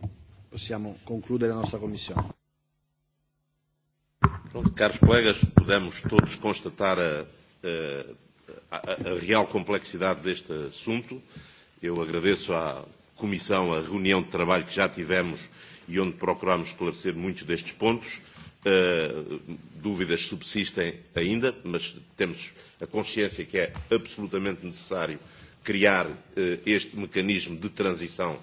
A: possiamo concludere la nostra commissione
L: caros colegas, podemos todos constatar a, a, a, a real complexidade deste assunto. Eu agradeço à Comissão a reunião de trabalho que já tivemos e onde procuramos esclarecer muitos destes pontos. Uh, dúvidas subsistem ainda, mas temos a consciência que é absolutamente necessário criar uh, este mecanismo de transição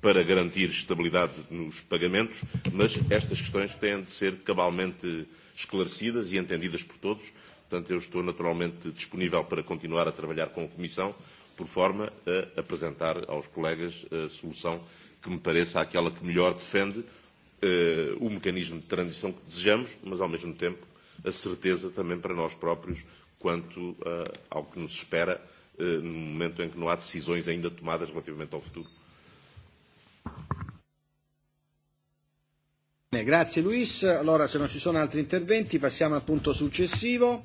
L: para garantir estabilidade nos pagamentos, mas estas questões têm de ser cabalmente uh, esclarecidas e entendidas por todos. Portanto, eu estou naturalmente disponível para continuar a trabalhar com a Comissão, por forma a apresentar aos colegas a solução que me pareça aquela que melhor defende uh, o mecanismo de transição que desejamos, mas ao mesmo tempo a certeza também para nós próprios quanto uh, ao que nos espera uh, no momento em que não há decisões ainda tomadas relativamente ao futuro.
A: Grazie Luis. Allora se non ci sono altri interventi passiamo al punto successivo.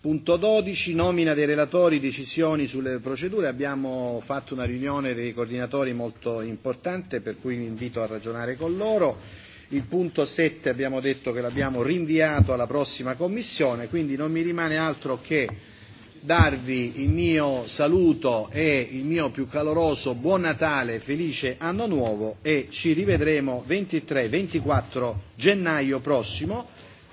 A: Punto 12, nomina dei relatori, decisioni sulle procedure. Abbiamo fatto una riunione dei coordinatori molto importante per cui vi invito a ragionare con loro. Il punto 7 abbiamo detto che l'abbiamo rinviato alla prossima commissione, quindi non mi rimane altro che darvi il mio saluto e il mio più caloroso buon Natale, felice anno nuovo e ci rivedremo 23-24 gennaio prossimo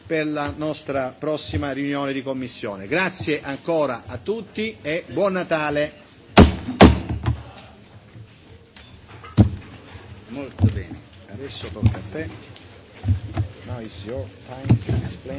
A: per la nostra prossima riunione di commissione. Grazie ancora a tutti e buon Natale.
C: Molto bene, adesso tocca
A: a te. Now is your time to explain.